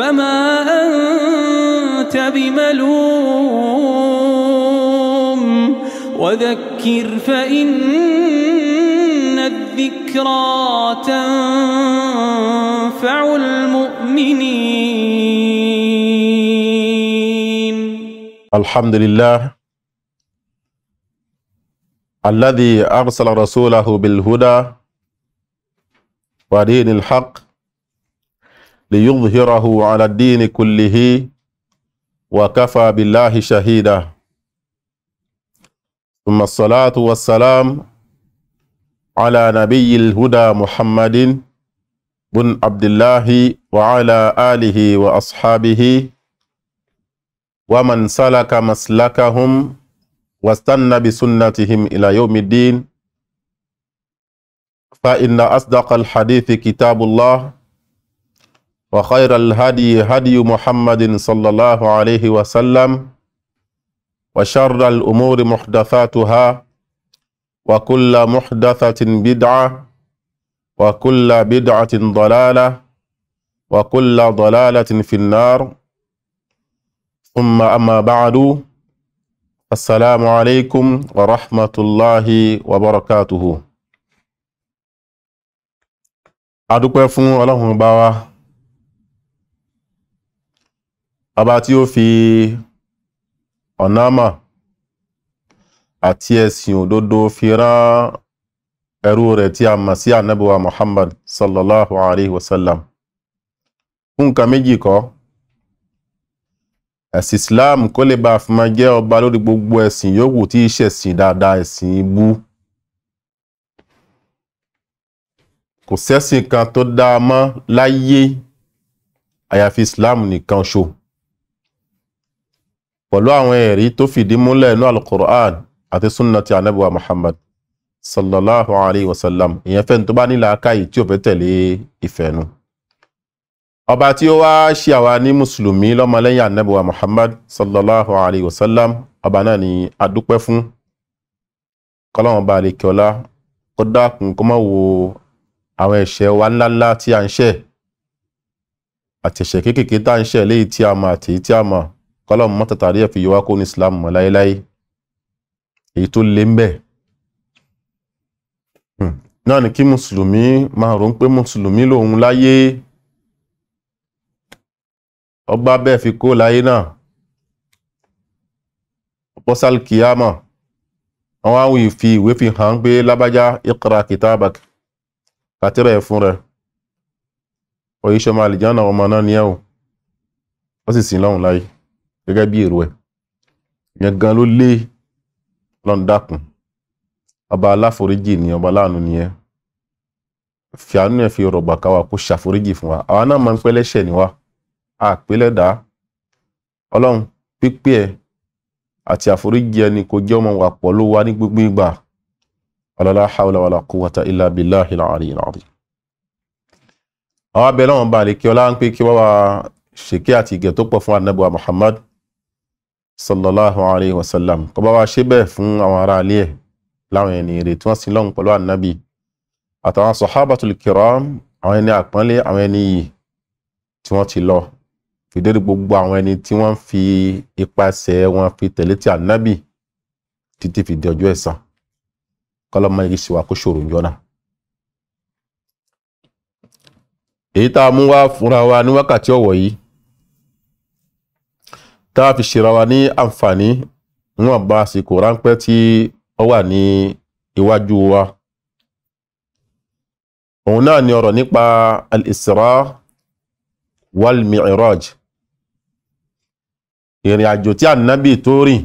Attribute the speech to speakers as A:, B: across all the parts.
A: فما أنت بملوم وذكر فإن الذكرى تنفع المؤمنين الحمد لله الذي أرسل رسوله بالهدى ودين الحق ليظهره على الدين كله وكفى بالله شهيدا ثم الصلاة والسلام على نبي الهدى محمد بن عبد الله وعلى آله وأصحابه ومن سلك مسلكهم واستنى بسنتهم إلى يوم الدين فإن أصدق الحديث كتاب الله وخير الهدي هدي محمد صلى الله عليه وسلم وشر الأمور محدثاتها وكل محدثة بدعة وكل بدعة ضلالة وكل ضلالة في النار ثم أما بعد السلام عليكم ورحمة الله وبركاته أدوكم فون الله ọba tí ó fi ọ̀nà àmà àti ẹ̀sìn òdodo fi rán ẹrú rẹ̀ tí a mọ̀ sí ànábíwá Muhammad sallallahu alaihi wasallam fún nǹkan méjì kọ́ ẹ̀sìn Islam kó lè bá fi máa jẹ́ ọba lórí gbogbo ẹ̀sìn yòówù tí ìṣẹ̀sìn dáadáa ẹ̀sìn ibú kò sẹ́sìn kan tó dáa mọ́ láyé àyàfi Islam nìkan ṣo pẹ̀lú àwọn ẹ̀rí tó fìdí múlẹ̀ inú alukur'an àti sunnati anabuwa muhammad sallallahu alayhi wa sallam ìyẹn fẹ́ni tó bá nílà akáyì tí ò fẹ́ tẹ̀lé ìfẹ́nu ọba tí ó wá ṣe àwa ní mùsùlùmí lọ́mọlẹ́yìn anabuwa muhammad sallallahu alayhi wa sallam ọba náà ni adúpẹ́ fún kọ́lọ́wọ́n bá lè kíọ́lá kó dákun kó má wo àwọn ẹ̀ṣẹ̀ wa ńláńlá tí a ń ṣẹ̀ àtẹ̀ṣẹ̀ kéékèèké tá a ń ṣẹ̀ léyìí tí a mọ̀ àti tí a mọ̀ kọ́lọ́mù mọ́tàtàrí ẹ̀ fi yọ wá kó ní islam mọ́ láéláé èyí tó lé ń bẹ̀ hmm. náà ni kí mùsùlùmí máa rò ń pé mùsùlùmí lòun láyé ọba bẹ́ẹ̀ fi kó láyé náà bọ́sàl kìyàmà wọ́n wá fi ìwé fi hàn pé lábájá iqra kitabak kàtírà fún rẹ̀ òyíṣọ́mọ àlìjánà ọmọ náà ní ẹ̀wò ó sì sin lọ́hùn láyé gẹ́gẹ́ bí èrò ẹ̀ yẹn gan ló lé lọ́n dákun ọba aláforíjì ni ọba aláàánú ni ẹ fi àánú ẹ fi rọ̀gbà ká wa kó ṣàforíjì fún wa àwa náà máa ń pẹ́ lẹ́ṣẹ̀ ni wa a pé lẹ́dá ọlọ́run pípé ẹ àti àforíjì ẹni kò jẹ́ ọmọ wa pọ̀ ló wá ní gbogbo ìgbà ọlọ́lá haúlá wàlá kó wata ilá abilá ìlà àárín ìlà àárín. àwọn abẹ náà bá lè kí ọlá ń pé kí wọ́n wá ṣèké àti ìgẹ̀ tó pọ̀ fún anábọ̀ Muhammad sallallahu alayhi wa sallam kó bá wa ṣe bẹ́ẹ̀ fún àwọn ará ilé ẹ̀ láwọn ẹni rè tí wọ́n sin lọ́hùn pẹ̀lú ànábì àtàwọn sahabatul kiram àwọn ẹni àpọ́nlé àwọn ẹni yìí tí wọ́n ti lọ fìdérí gbogbo àwọn ẹni tí wọ́n fi ipasẹ̀ wọn fi tẹ̀lé ti ànábì títí fi di ọjọ́ ẹ̀san kọ́lọ́mọ yìí ṣe wà kó ṣòro jọ́nà. èyí tá a mú wá fúnra wa ní wákàtí ọ̀wọ̀ yìí tá a fi ṣera wa ní àǹfààní níwọ̀n bá àsìkò ráńpẹ́ tí ó wà ní iwájú wa òun náà ni ọ̀rọ̀ nípa al-isra wal-mi'raj ìrìn àjò tí ànábì tó rìn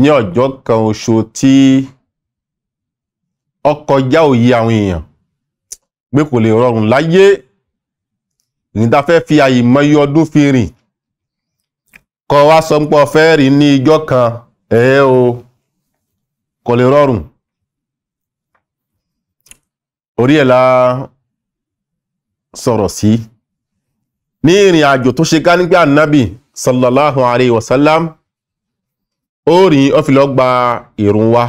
A: ní ọjọ́ kan oṣù tí ó kọjá òye àwọn èèyàn pé kò lè rọrùn láyé ní ta fẹ́ fi àyè mọ́yí fi rìn kọ wa sọ pọ̀ fẹ́ rìn ní ijọ́ kan ẹ̀ o kò lè rọrùn orí ẹ̀ la sọ̀rọ̀ sí ní ìrìn àjò tó ṣe gánígbà annabi sallallahu alayhi wasallam sallam ó rìn ó fi gba ìrun wa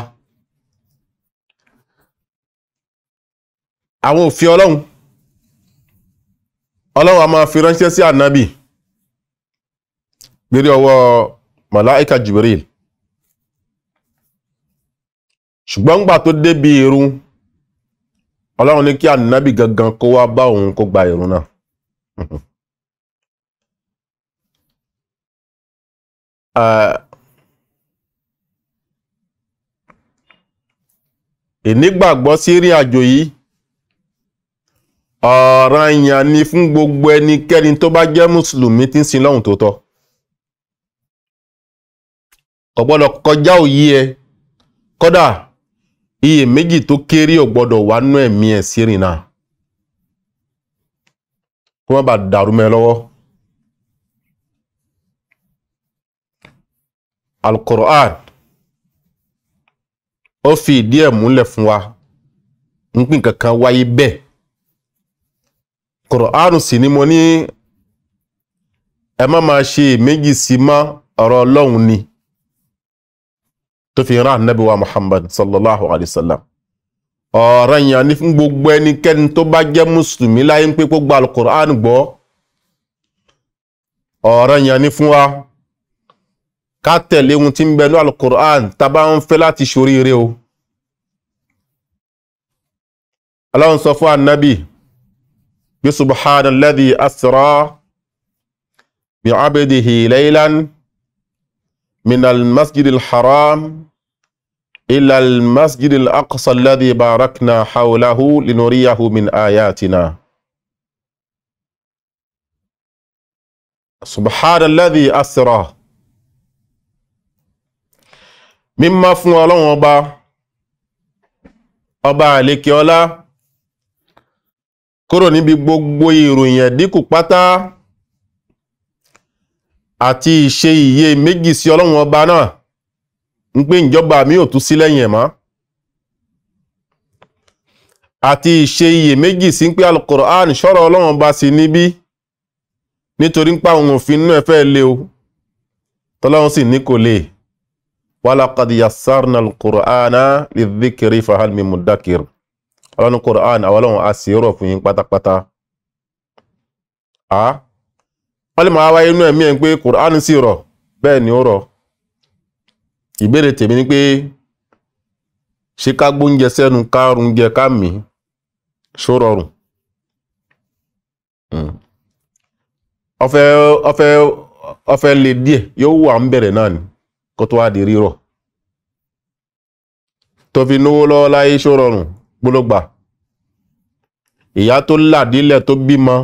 A: àwọn òfin ọlọ́run ọlọ́run a máa fi ránṣẹ́ sí ànábì lérí ọwọ́ màláìka jibril ṣùgbọ́n gbà tó débi irun ọlọ́run ní kí ànábì gangan kó wá bá òun kó gba irun náà ìnígbàgbọ́ sí ìrìn àjò yìí ọ̀ranyàn ni fún gbogbo ẹnikẹ́ni tó bá jẹ́ mùsùlùmí tí ń sin lọ́hùn tó tọ́ ó kọjá òye ẹ iye méjì tó kéré ọ̀gbọ́dọ̀ wà nú ẹ̀mí ẹ̀ sí rìnnà kó má bàa dàrú mẹ́ lọ́wọ́. Al-Qur'an ó fi ìdí ẹ̀ múlẹ̀ fún wa ń kankan wáyé bẹ́ẹ̀ Kùránù sì ni mo ní ẹ má máa ṣe méjì sí mọ́ ọ̀rọ̀ ọlọ́run ni tó fi rán ànábì wa Muhammad sallallahu alayhi wa sallam ọ̀ranyàn ni fún gbogbo ẹnikẹ́ni tó bá jẹ́ mùsùlùmí láyé ń pé kó gba alukur'an gbọ́ ọ̀ranyàn ni fún wa ká tẹ̀lé ohun tí ń bẹ ní alukur'an tá bá ń fẹ́ láti ṣoríire o Allah sọ fún ànábì بسبحان الذي أسرى بعبده ليلا من المسجد الحرام إلى المسجد الأقصى الذي باركنا حوله لنريه من آياتنا سبحان الذي أسرى مما فعلوا أبا أبا عليك يولا kúrò níbi gbogbo ìròyìn ẹ̀dínkù pátá àti ìṣe iye méjì sí ọlọ́run ọba náà ń pé ìjọba mi ò tún sí lẹ́yìn ẹ̀mọ́ àti ìṣe iye méjì sí ń pé alukur'an ṣọ́rọ̀ ọlọ́run ọba sí níbí nítorí ń pa òun òfin inú ẹ̀fẹ́ lé o tọ́lọ́run sì ní kò lè walaqad yassarna alukur'ana lidhikri fahal min muddakir ọlọ́run Quran àwọn ọlọ́run a sì rọ̀ fún yín pátápátá a wọ́n lè máa wá inú ẹ̀mí ẹ̀ pé Quran sì rọ̀ bẹ́ẹ̀ ni ó rọ̀ ìbéèrè tèmi ni pé ṣé ká gbóúnjẹ sẹ́nu ká rúnjẹ ká mì ṣó rọrùn ọfẹ hmm. lè díẹ̀ yóò wà ń bẹ̀rẹ̀ náà ni kó tó wá di rírọ̀ tó fi náwó lọ́wọ́ láyé ṣó rọrùn gbólógbà ìyá tó làdílẹ̀ tó bímọ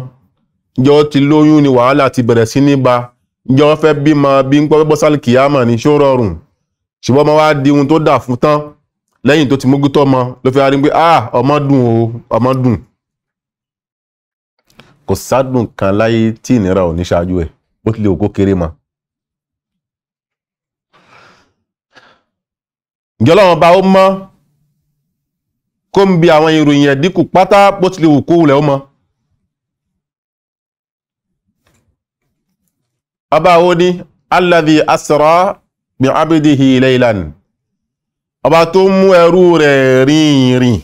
A: jọ ti lóyún ni wàhálà ti bẹ̀rẹ̀ sí ní ba jọ fẹ́ bímọ bí ń pọ́pẹ́ bọ́sálì kìámọ̀ ní ṣó rọrùn ṣùgbọ́n ọmọ wá di ohun tó dà fún tán lẹ́yìn tó ti mógútọ́ ọmọ ló fẹ́ rí pé ah ọmọ o ọmọ dùn kò sádùn kan láyé tí ìnira ò ní ṣáájú ẹ̀ bó tilẹ̀ òkó kéré mọ́ ǹjọ́ ba ó mọ́ kó ń bi àwọn ìròyìn ẹ̀dínkù pátá bó ti lè wù kó wulẹ̀ ó mọ. ọba wo ni alladhi asra bi abidihi laylan ọba tó mú ẹrú rẹ̀ rìnrìn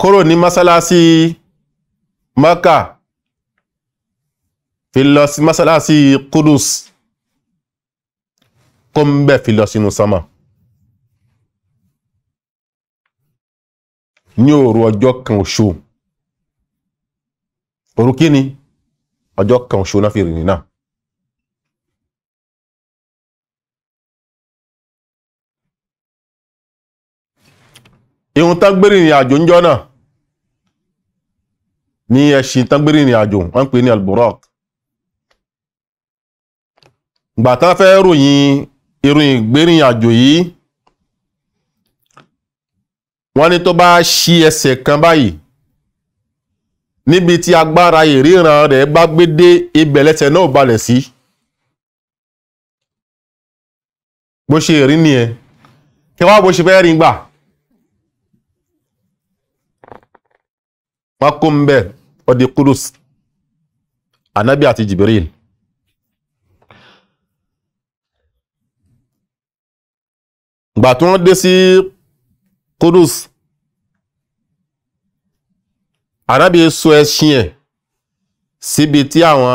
A: kúrò ní masalasi maka fi lọ sí masalasi kudus kó ń bẹ̀ fi lọ sínú sánmà ní òru ọjọ́ kan oṣù òru kí ni ọjọ́ kan oṣù náà fi rìn náà ìhun tán gbé àjò ń jọ náà ní ẹṣin tán gbé àjò wọ́n pè ní alburak gbà fẹ́ ròyìn ìrìn ìgbérìn àjò yìí wọ́n ní tó bá ṣí ẹsẹ̀ kan báyìí níbi tí agbára ìríran rẹ̀ bá gbé dé ibẹ̀ lẹ́sẹ̀ náà balẹ̀ sí bó ṣe rí nìyẹn kí wá bó ṣe fẹ́ rí gbà wọ́n kó ń bẹ̀ ọdí kudus anabi àti jibril gbà tí wọ́n dé sí Kudus ànábì so ẹṣin ẹ̀ síbi tí àwọn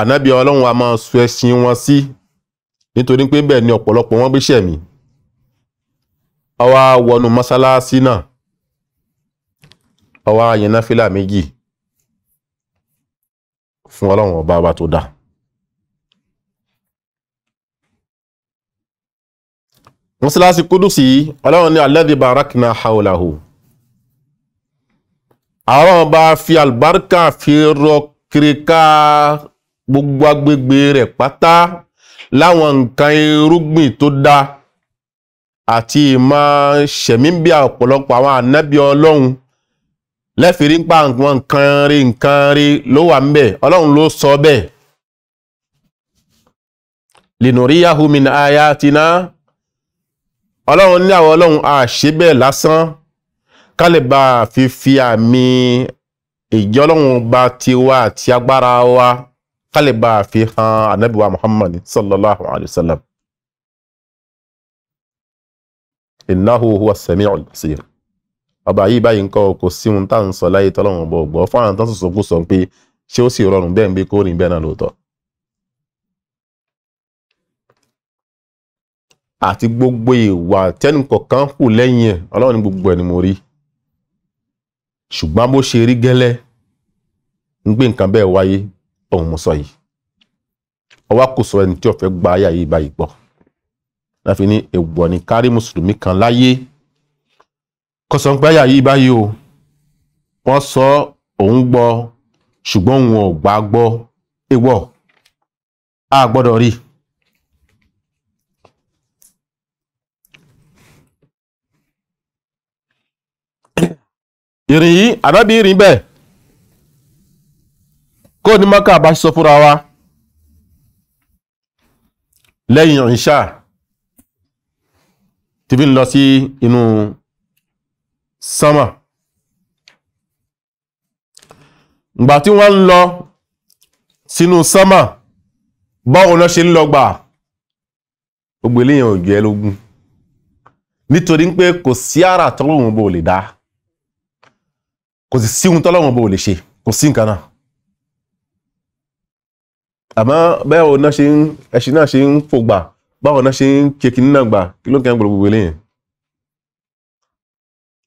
A: ànábì ọlọ́run wa máa so ẹṣin wọn sí nítorí pé bẹ́ẹ̀ ni ọ̀pọ̀lọpọ̀ wọn bí ṣẹ̀mí ó wá wọnú mọ́sálásí náà ó wá yẹn náfìlà méjì fún ọlọ́run ọba wa tó dáa mọ́sálásí kúdùsí ọlọ́run ní alladhi barakna hawlahu àwọn ọba fi àlùbáríkà fi rọ kiriká gbogbo agbègbè rẹ̀ pátá láwọn nǹkan irúgbìn tó dá àti ìmọ̀ ṣẹ̀míbíà ọ̀pọ̀lọpọ̀ àwọn ànábì ọlọ́run lẹ́fìrí ń pa àwọn nǹkan rí nǹkan rí ló wà ń bẹ̀ ọlọ́run ló sọ bẹ́ẹ̀ linuriyahu min ayatina ọlọ́run ní àwọn ọlọ́run àṣẹ bẹ́ẹ̀ lásán ká lè bá a fi fi àmì ìjọ ọlọ́run bá tiwa àti agbára wa ká lè bá a fi hàn ànábìwá Muhammad sallallahu alayhi wa sallam. innahu huwa as-sami'ul ọba yìí báyìí nǹkan kò sí ohun tá à ń sọ láyé tọ́lọ́run bọ̀ gbọ́ fún àwọn tó ń sọ pé ṣé ó sì rọrùn bẹ́ẹ̀ ń gbé kórìí bẹ́ẹ̀ náà lóòótọ́. àti gbogbo ìwà tẹ́nu kọ̀ọ̀kan kù lẹ́yìn ẹ̀ ọlọ́run ní gbogbo ẹ̀ ni mo rí ṣùgbọ́n bó ṣe rí gẹ́lẹ́ ń gbé nǹkan bẹ́ẹ̀ wáyé òun mo sọ yìí ọwọ́ kò sọ ẹni tí ó gba ayà yìí báyìí pọ̀ láfi ní èèwọ̀ ni kárí mùsùlùmí kan láyé kọsọ̀ ń pẹ́ ayà yìí báyìí o wọ́n sọ òun gbọ́ ṣùgbọ́n òun ò gbà gbọ́ èèwọ̀ a gbọ́dọ̀ rí i ìrìn yìí ànábì ìrìn bẹ́ẹ̀ kó ní mọ́kà bá sọ fúnra wa lẹ́yìn ìṣà tí fi ń lọ sí inú sánmà ìgbà tí wọ́n lọ sínú sánmà báwo lọ ṣe ń lọ gbà gbogbo nítorí pé kò sí kò sì síhun tọ́lọ́wọ̀n bó lè ṣe kò sí nǹkan náà àmọ́ bẹ́ẹ̀ o náà ṣe ń ẹṣin náà ṣe ń fògbà báwọn náà ṣe ń ṣe kìíní náà gbà kí ló ń kẹ́ ń gbòòrò eléyìí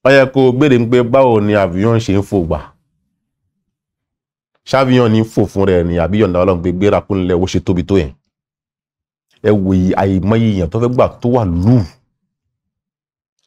A: ó yẹ kó gbére ń pé báwo ni avion ṣe ń fògbà ṣáviyan ní fò fún rẹ ni àbí yọ̀ǹda ọlọ́run pé gbéra kúnlẹ̀ owó ṣe tóbi tó yẹn ẹ wòye àìmọye èèyàn tó fẹ́ gbà tó wà lùú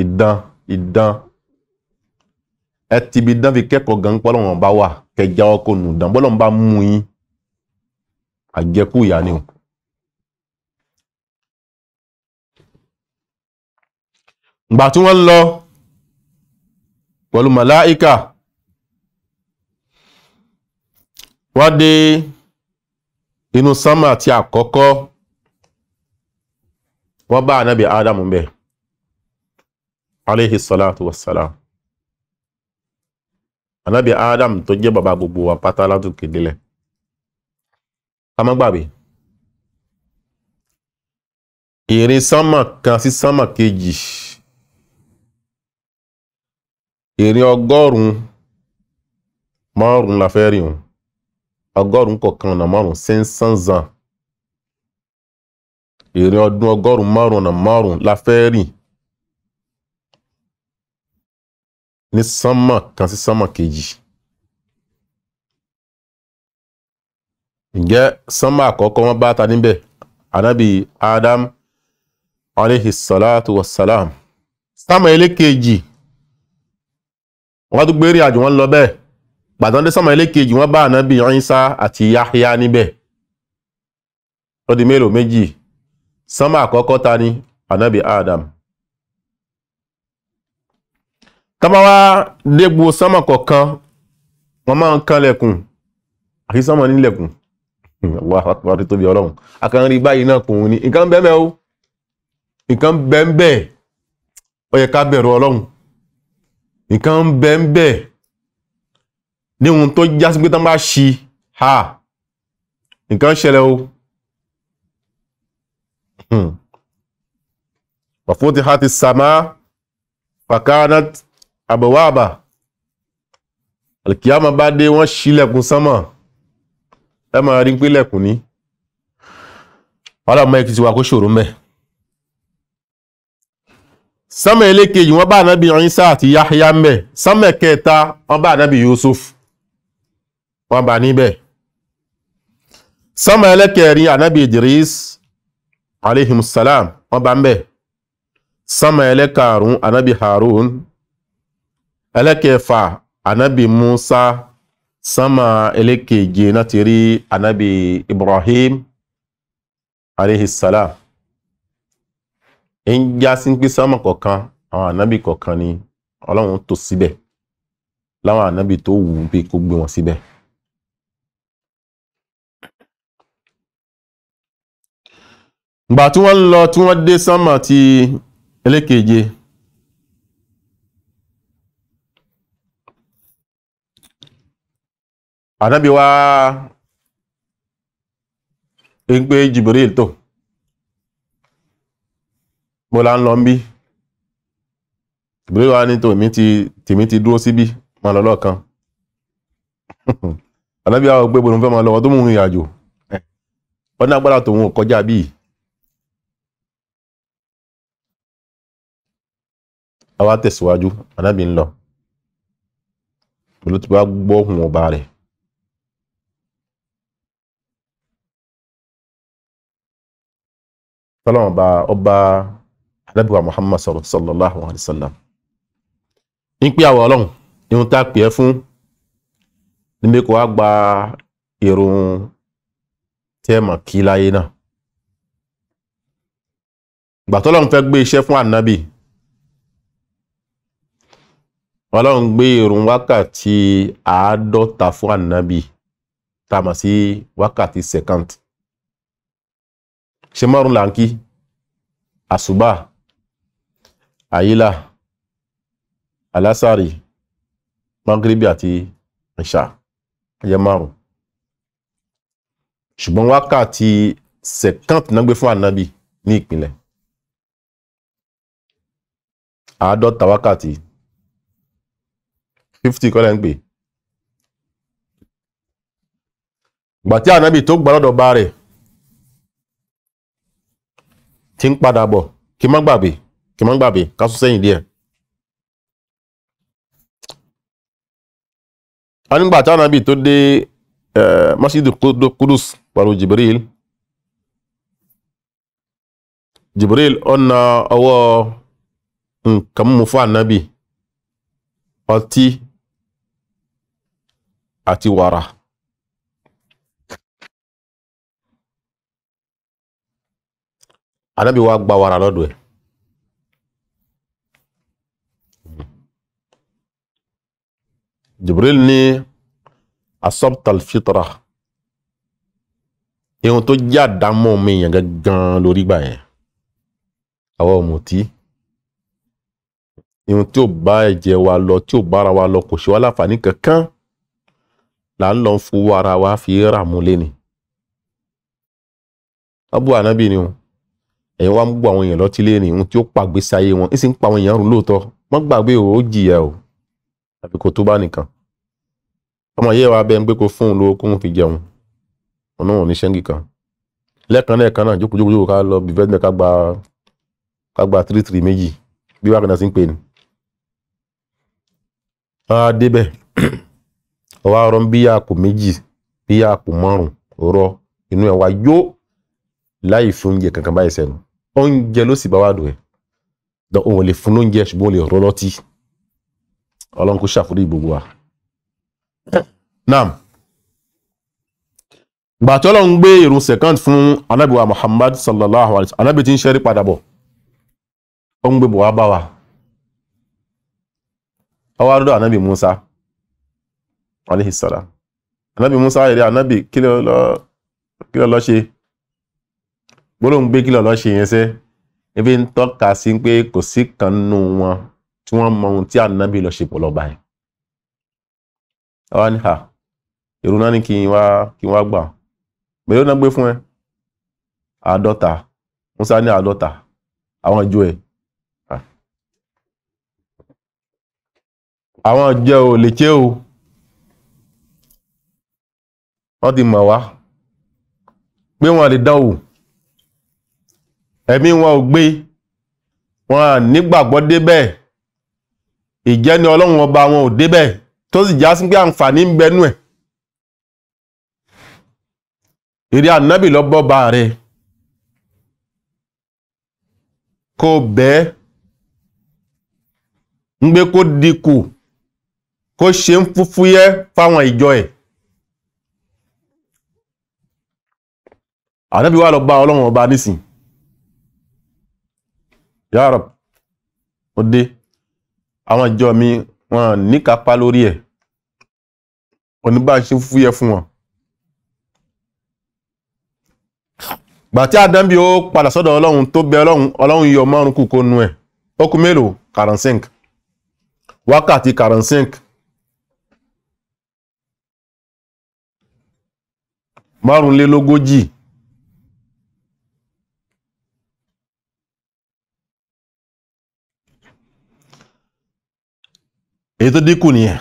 A: ìdán ìdán ẹ ti bi dán fi kẹ́kọ̀ọ́ gan pọ́lọ́wọ́n bá wà kẹjá ọkọ̀ nù dán bọ́lọ́wọ́n bá mú yín àjẹkù ìyá ni o. ìgbà tí wọ́n lọ pẹ̀lú màláíkà wọ́n dé inú sánmà tí àkọ́kọ́ wọ́n bá ànábì ádámù bẹ́ẹ̀. aleyhi salatu wassalam anabi adam tó jẹ́ baba gbogbo wa pátá látòkè délẹ̀ ká ìrìn sánmà kan sí sánmà kejì ìrìn ọgọ́rùn-ún la fẹ́ rìn na ún kọ̀ọ̀kan ọ̀nà ìrìn ọdún ní sánmọ̀ kan sí sánmọ̀ kejì ǹjẹ́ sánmọ̀ àkọ́kọ́ wọn bá ta níbẹ̀ anábì adam alayhi salatu wa salam sánmọ̀ elékejì wọ́n tún gbérí àjò wọn lọ bẹ́ẹ̀ gbàtàn dé sánmọ̀ elékejì wọ́n bá anábì Ìsá àti Yahya níbẹ̀ ó mélòó méjì sánmọ̀ àkọ́kọ́ ta ni anábì adam tọ́bá wá dégbò sánmà kọ̀ọ̀kan wọ́n máa ń kan lẹ̀kùn àti sánmà nílẹ̀kùn wà hmm, tó tóbi ọlọ́run akànrí báyìí náà kùn ní nǹkan bẹ́ẹ̀ o nǹkan bẹ́ẹ̀ ó yẹ ká bẹ̀rù ọlọ́run nǹkan bẹ́ẹ̀ ní tó já sí pé tán bá ṣi ha nǹkan ṣẹlẹ̀ o hmm. wàfóòtì ha ti sàmá fàkánat àbẹ̀wá àbà alkiyama bá dé wọ́n ṣílẹ̀kùn sánmà ẹ máa rí pínlẹ̀kùn ní ọlọ́mọ ẹkì ti wà kó ṣòro mẹ́ sánmà elékejì wọ́n bá ànábì Ìsá àti Yahya mẹ́ sánmà kẹta wọ́n bá ànábì Yusuf wọ́n bá níbẹ̀ sánmà ẹlẹ́kẹrin ànábì Idris aleyhimusalam wọ́n bá ń bẹ̀ sánmà ẹlẹ́karùn ànábì Harun ẹlẹ́kẹfà anabi musa sama ẹlẹ́keje náà ti rí anabi ibrahim aleyhisselam ń já sí pé sánmà kọ̀ọ̀kan àwọn anabi kọ̀ọ̀kan ni ọlọ́run tó síbẹ̀ láwọn anabi tó wù ú pé kó gbé wọn síbẹ̀. gbà tí wọ́n lọ tí wọ́n dé ti ẹlẹ́keje Anabi wa Ingbe Jibril to Mo la nlo nbi Jibril wa ni to mi ti si bi ma lọlọ kan Anabi wa gbe bo nfa ma lo wo to mu yajo O na gbara to won wa bi Awa tesiwaju, anabi nlo. Olu ti ba gbo hun oba re. tọ́lọ́wọ́n bá ọba alábìwá muhammad sallallahu alayhi wa sallam ní pé àwọn ọlọ́run ihun tá a pè é fún níbi kò wá gba irun tẹ́ẹ̀mọ̀ kí láyé náà gbà tọ́lọ́run fẹ́ gbé iṣẹ́ fún ànábì ọlọ́run gbé irun wákàtí àádọ́ta fún ànábì tá a mọ̀ sí wákàtí second ṣe márùn là ń kí àṣùbà àyílà alásàrì magribi àti ìṣà ẹyẹ márùn ṣùgbọ́n wákàtí sekant náà gbé fún ànábì ní ìpínlẹ̀ àádọ́ta wákàtí 50 kọ́lẹ̀ ń pè gbàtí ànábì tó gbà lọ́dọ̀ bá rẹ̀ tí ń padà bọ̀ kí má gbàgbé kí má gbàgbé ká sún sẹ́yìn díẹ̀. anigba tí anabi tó dé masjidu kudus pẹ̀lú jibril jibril ọ̀nà ọwọ́ nǹkan mú fún anabi ọtí àti wàrà. anábì wa gba wàrà lọ́dọ̀ ẹ̀ jibril ní asọ́ptal fitra ihun tó jẹ́ àdámọ́ mi yẹn gangan lórí gbà yẹn àwọn ọ̀mùtí ihun tí ò bá ẹ̀jẹ̀ wa lọ tí ò bára wa lọ kò ṣe wá láǹfààní kankan là ń lọ fowó ara wa fi rà mú lé ni. abu anabi ni o ẹ̀yin wá ń gbọ́ àwọn èèyàn lọ́tí lérìn ohun tí ó pàgbésí ayé wọn ń sì ń pa àwọn èèyàn rún lóòótọ́ wọ́n gbàgbé o ó jìyà o àfi kò tó bá nìkan ọmọ yẹ́ wa bẹ́ẹ̀ ń gbé kó fún un lówó kó ń fi jẹun ọ̀nà wọn ní ṣẹ́ńgì kan lẹ́ẹ̀kan lẹ́ẹ̀kan náà jókòjókòjókò ká lọ bí vẹ́tìmẹ̀ ká gba ká gba three three méjì bí wàá náà sì ń pè ní. wọ́n débẹ̀ ọwọ́ arọ́ bí àpò méjì bí àpò márùn-ún rọ inú ẹ̀ wá yó láì fún oúnjẹ kankan báyìí sẹ́nu oúnjẹ ló sì bá wà dùn ẹ̀ dán òun lè fún lóúnjẹ ṣùgbọ́n òun lè rọ́ lọ́tí ọlọ́run kò ṣàforí gbogbo wa. naam gbàtí ọlọ́run gbé ìrun second fún anábìwa muhammad sallallahu alaihi wa sallam anábì tí ń ṣẹ́rí padà bọ̀ ó ń gbé bọ̀ wá bá wa ọwọ́ àdúrà anábì musa alayhi salam anábì musa èrè anábì kí ló lọ ṣe. gbólóhùn gbé kìlọ̀ lọ́ ṣe yẹn sẹ́ ebi ń tọ́ka sí pé kò sí kan wọn tí wọ́n mọ ohun tí ànábì lọ ṣe pọ̀ lọ́ba yẹn. ni ha èrò náà ni kí n wá kí n wá gbé fún ẹ àwọn ìjọ àwọn ìjọ ò lè ti mọ̀ wá pé wọ́n lè dánwò. ẹ̀mí wọn ò gbé wọn à nígbàgbọ́ débẹ̀ ìjẹ́ni ọlọ́run ọba wọn ò débẹ̀ tó sì já sí pé àǹfààní ń bẹnu ẹ̀ ìrí ànábì lọ bọ́ba rẹ kó bẹ́ẹ̀ ń gbé kó dínkù kó ṣe ń fúfúyẹ́ fáwọn ìjọ ẹ̀ ànábì wà lọ ọlọ́run ọba nísìnyí Ya Rab ó dé àwọn ìjọ mi wọn níkapá lórí ẹ̀ oníbà ṣe fúyẹ́ fún wọn gbàtí àdánbí ó padà sọ́dọ̀ ọlọ́run tó bẹ ọlọ́run ọlọ́run yọ márùn kù kó nu ẹ̀ ó kù mélòó karansink wákàtí karansink márùnlélógójì èyí tó dínkù nìyẹn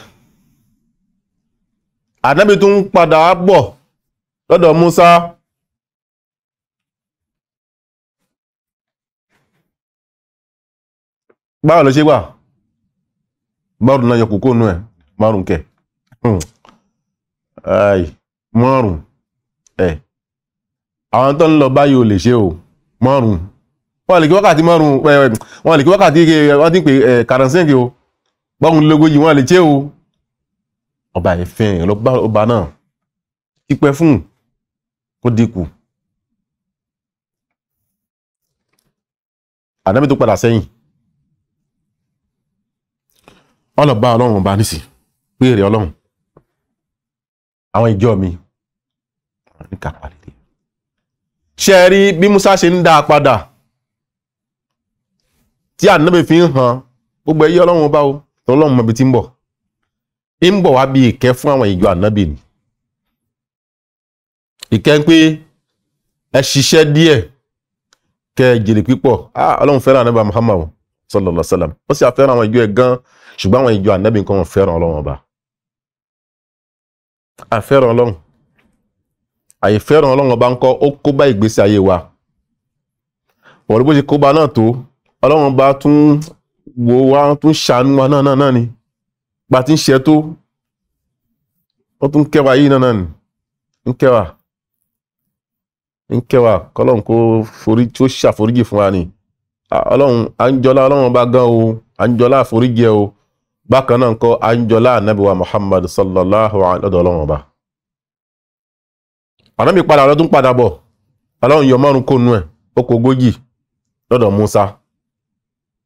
A: ànábì tún ń padà bọ̀ lọ́dọ̀ Musa báwo ló ṣe wà márùn náà yọkù kóònù ẹ̀ márùn kẹ hmm. márùn ẹ̀ àwọn tó ń lọ báyìí ò lè ṣe o márùn wọ́n lè kí wákàtí márùn wọ́n lè kí wákàtí wọ́n ti pè kàrẹ́sẹ́ǹkì o báwọn ológójì wọn lè ṣe o ọba ìfẹ́ èèyàn lọ bá ọba náà pípẹ́ fún kó dínkù àdámẹ́ tó padà sẹ́yìn wọ́n lọ bá ọlọ́run ọba nísì pé èrè ọlọ́run àwọn ìjọ mi ní kàpàlẹ́ ṣe rí bí Musa ṣe ń dá a padà tí ànábẹ́ fi ń hàn gbogbo ẹyẹ ọlọ́run ọba o tọ́lọ́run mọbi tí ń bọ̀ ń bọ̀ wá bí ìkẹ́ fún àwọn ìjọ ànábì ni ìkẹ́ ń pé ẹ ṣiṣẹ́ díẹ̀ kẹ́ ẹ jèrè pípọ̀ ah ọlọ́run fẹ́ràn ànábà Muhammad sallallahu alaihi wasallam ó sì àfẹ́ràn àwọn ìjọ ẹ̀ gan ṣùgbọ́n àwọn ìjọ ànábì nǹkan wọn fẹ́ràn ọlọ́run ọba àfẹ́ràn ọlọ́run àìfẹ́ràn ọlọ́run ọba ń kọ́ ó kó bá ìgbésí ayé wa wọ̀n ló bó ṣe kó bá náà tó ọlọ́run ọba tún wo wa tún ṣàánú wa náà náà ni bá ti ń ṣe tó wọ́n tún kẹwàá yìí náà ni tí ó ṣàforíjì fún wa ni ọlọ́run àńjọlá ọlọ́run bá gan o àńjọlá àforíjì ẹ o bákan náà Muhammad sallallahu alaihi ọba padà lọ́dún padà bọ̀ ọlọ́run yọ márùn-ún Musa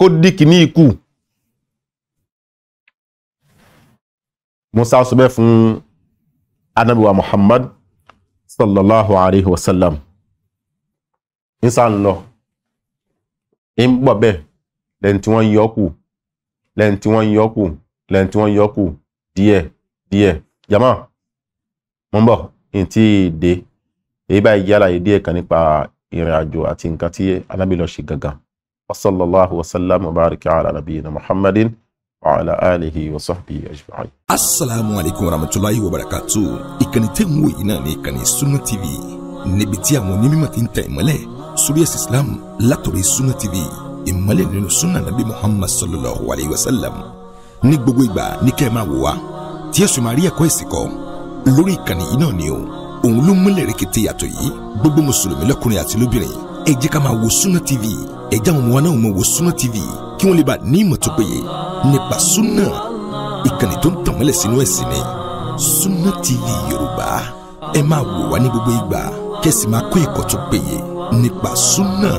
A: kó dìkì ní ikú musa sọ bẹ́ẹ̀ fún anabiwa muhammad sallallahu alayhi wa sallam isa ń lọ ń bọ̀ bẹ́ẹ̀ lẹ́yìn tí wọ́n yọ kù lẹ́yìn tí wọ́n yọ kù lẹ́yìn tí wọ́n yọ kù díẹ̀ díẹ̀ jama mo ń bọ̀ ní tí dé èyí báyìí yára yìí díẹ̀ kan nípa ìrìn àjò àti nǹkan tí anábìlọ ṣe gangan. وصلى الله وسلم وبارك على نبينا محمد وعلى آله وصحبه أجمعين السلام عليكم ورحمة الله وبركاته ìkànnì tẹ́ ń wò yìí náà ni ìkànnì Sunna TV níbi tí àwọn onímọ̀ ti ń tẹ̀ ìmọ́lẹ̀ sórí ẹ̀sìn Islam látọ̀rọ̀ Sunna TV ìmọ́lẹ̀ nínú sunna nabi Muhammad sallallahu alayhi wa sallam ní gbogbo ìgbà ní kẹ́ ẹ máa wò wá tí ẹ̀sùn máa rí ẹ̀kọ́ ẹ̀sìn kọ́ lórí ìkànnì yìí náà ni o òun ló múlẹ̀ rẹ̀kẹ̀tẹ̀ yàtọ̀ yìí gbogbo mùsùlùmí lọ́kùnrin àti lóbìnrin ẹ jẹ́ ká máa wo Sunna TV ẹ já àwọn ọmọ wa náà máa wo Sunna TV kí wọ́n lè bá ní ìmọ̀ tó péye nípa Sunna ìkànnì tó ń tànmọ́lẹ̀ sínú ẹ̀sìn ni Sunna TV Yorùbá ẹ máa wò wá ní gbogbo ìgbà kẹ́sì máa kó ẹ̀kọ́ tó péye nípa Sunna.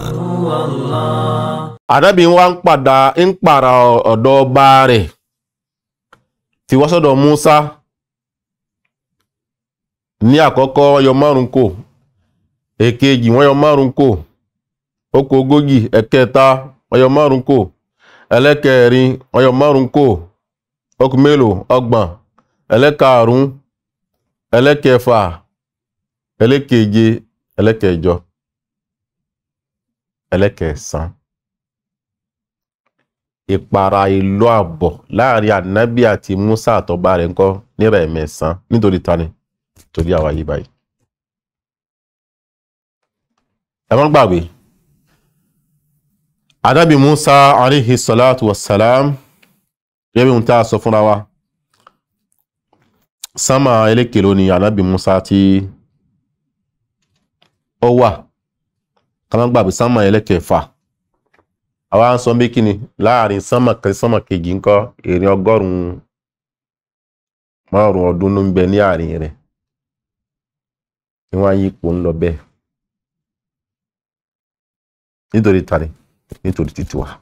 A: àdábì wa ń padà ń pààrà ọ̀dọ̀ ọba rẹ̀ tí wá sọ́dọ̀ Musa ní àkọ́kọ́ yọ márùn-ún kò èkejì wọ́n yọ márùn kò okogogi ogójì ẹ̀kẹta elekere márùn kò ẹlẹ́kẹrin ọyọ márùn kò okùn mélòó ọgbọ̀n ẹlẹ́karùn ẹlẹ́kẹfà ẹlẹ́keje ẹlẹ́kẹjọ ẹlẹ́kẹsàn ìpara ìlú àbọ̀ láàrin ànábì àti Musa àtọ̀gbà rẹ̀ ńkọ́ nírà ẹ̀mẹ̀sán nítorí tani torí àwa yìí báyìí ẹ gbàgbé adabi musa alayhi salatu wassalam yabi unta so funawa sama elekere ni adabi musa ti o wa kama gba bi sama fa awa so mbi kini laarin sama ke sama ke gi nko erin ogorun maru odun nu nbe ni arin re ni wa yi po nítorí títí wa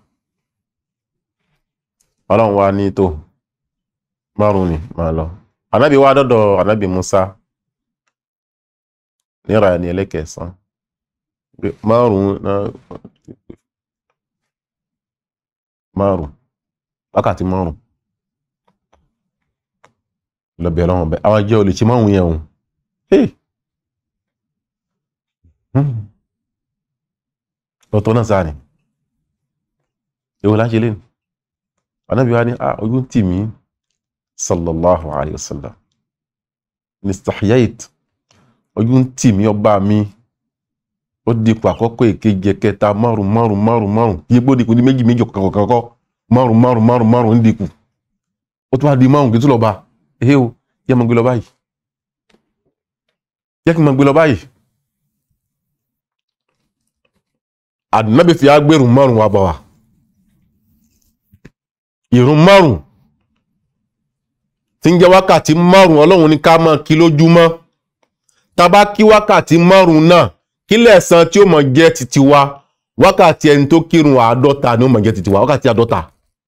A: ọlọ́run wa ní tó márùn ni máa lọ anábì wa dọ́dọ̀ anábì Musa níra ní ẹlẹ́kẹ̀ẹ́sán márùn náà márùn wákàtí márùn lọ́bẹ̀ ọlọ́run bẹ́ àwọn jẹ́ olùsí márùn yẹn òun lọ́tọ̀ hmm. náà sáà ni. èwo láṣẹ lé ní wa ní a ah, ojú tì mí sallallahu alayhi wa sallam nistahyait ojú tì mí ọba mi ó dikun àkọ́kọ́ èkejì kẹta márùn márùn márùn márùn iye dikun ní méjì méjì kọ̀kọ̀kọ̀kọ̀ márùn márùn márùn márùn dikun ó tún wá di márùn kí tún lọ bá ehe o yẹ mọ gbé lọ báyìí yẹ kí n gbé lọ báyìí márùn bá wa. ìrun márùn tí ń jẹ́ wákàtí márùn ọlọ́run ní ká máa kí lójúmọ́ tá bá kí wákàtí márùn náà kí lẹ̀san tí ó mọ̀ jẹ́ titi wa wákàtí ẹni tó kírun àádọ́ta ni ó mọ̀ jẹ́ titi wa wákàtí àádọ́ta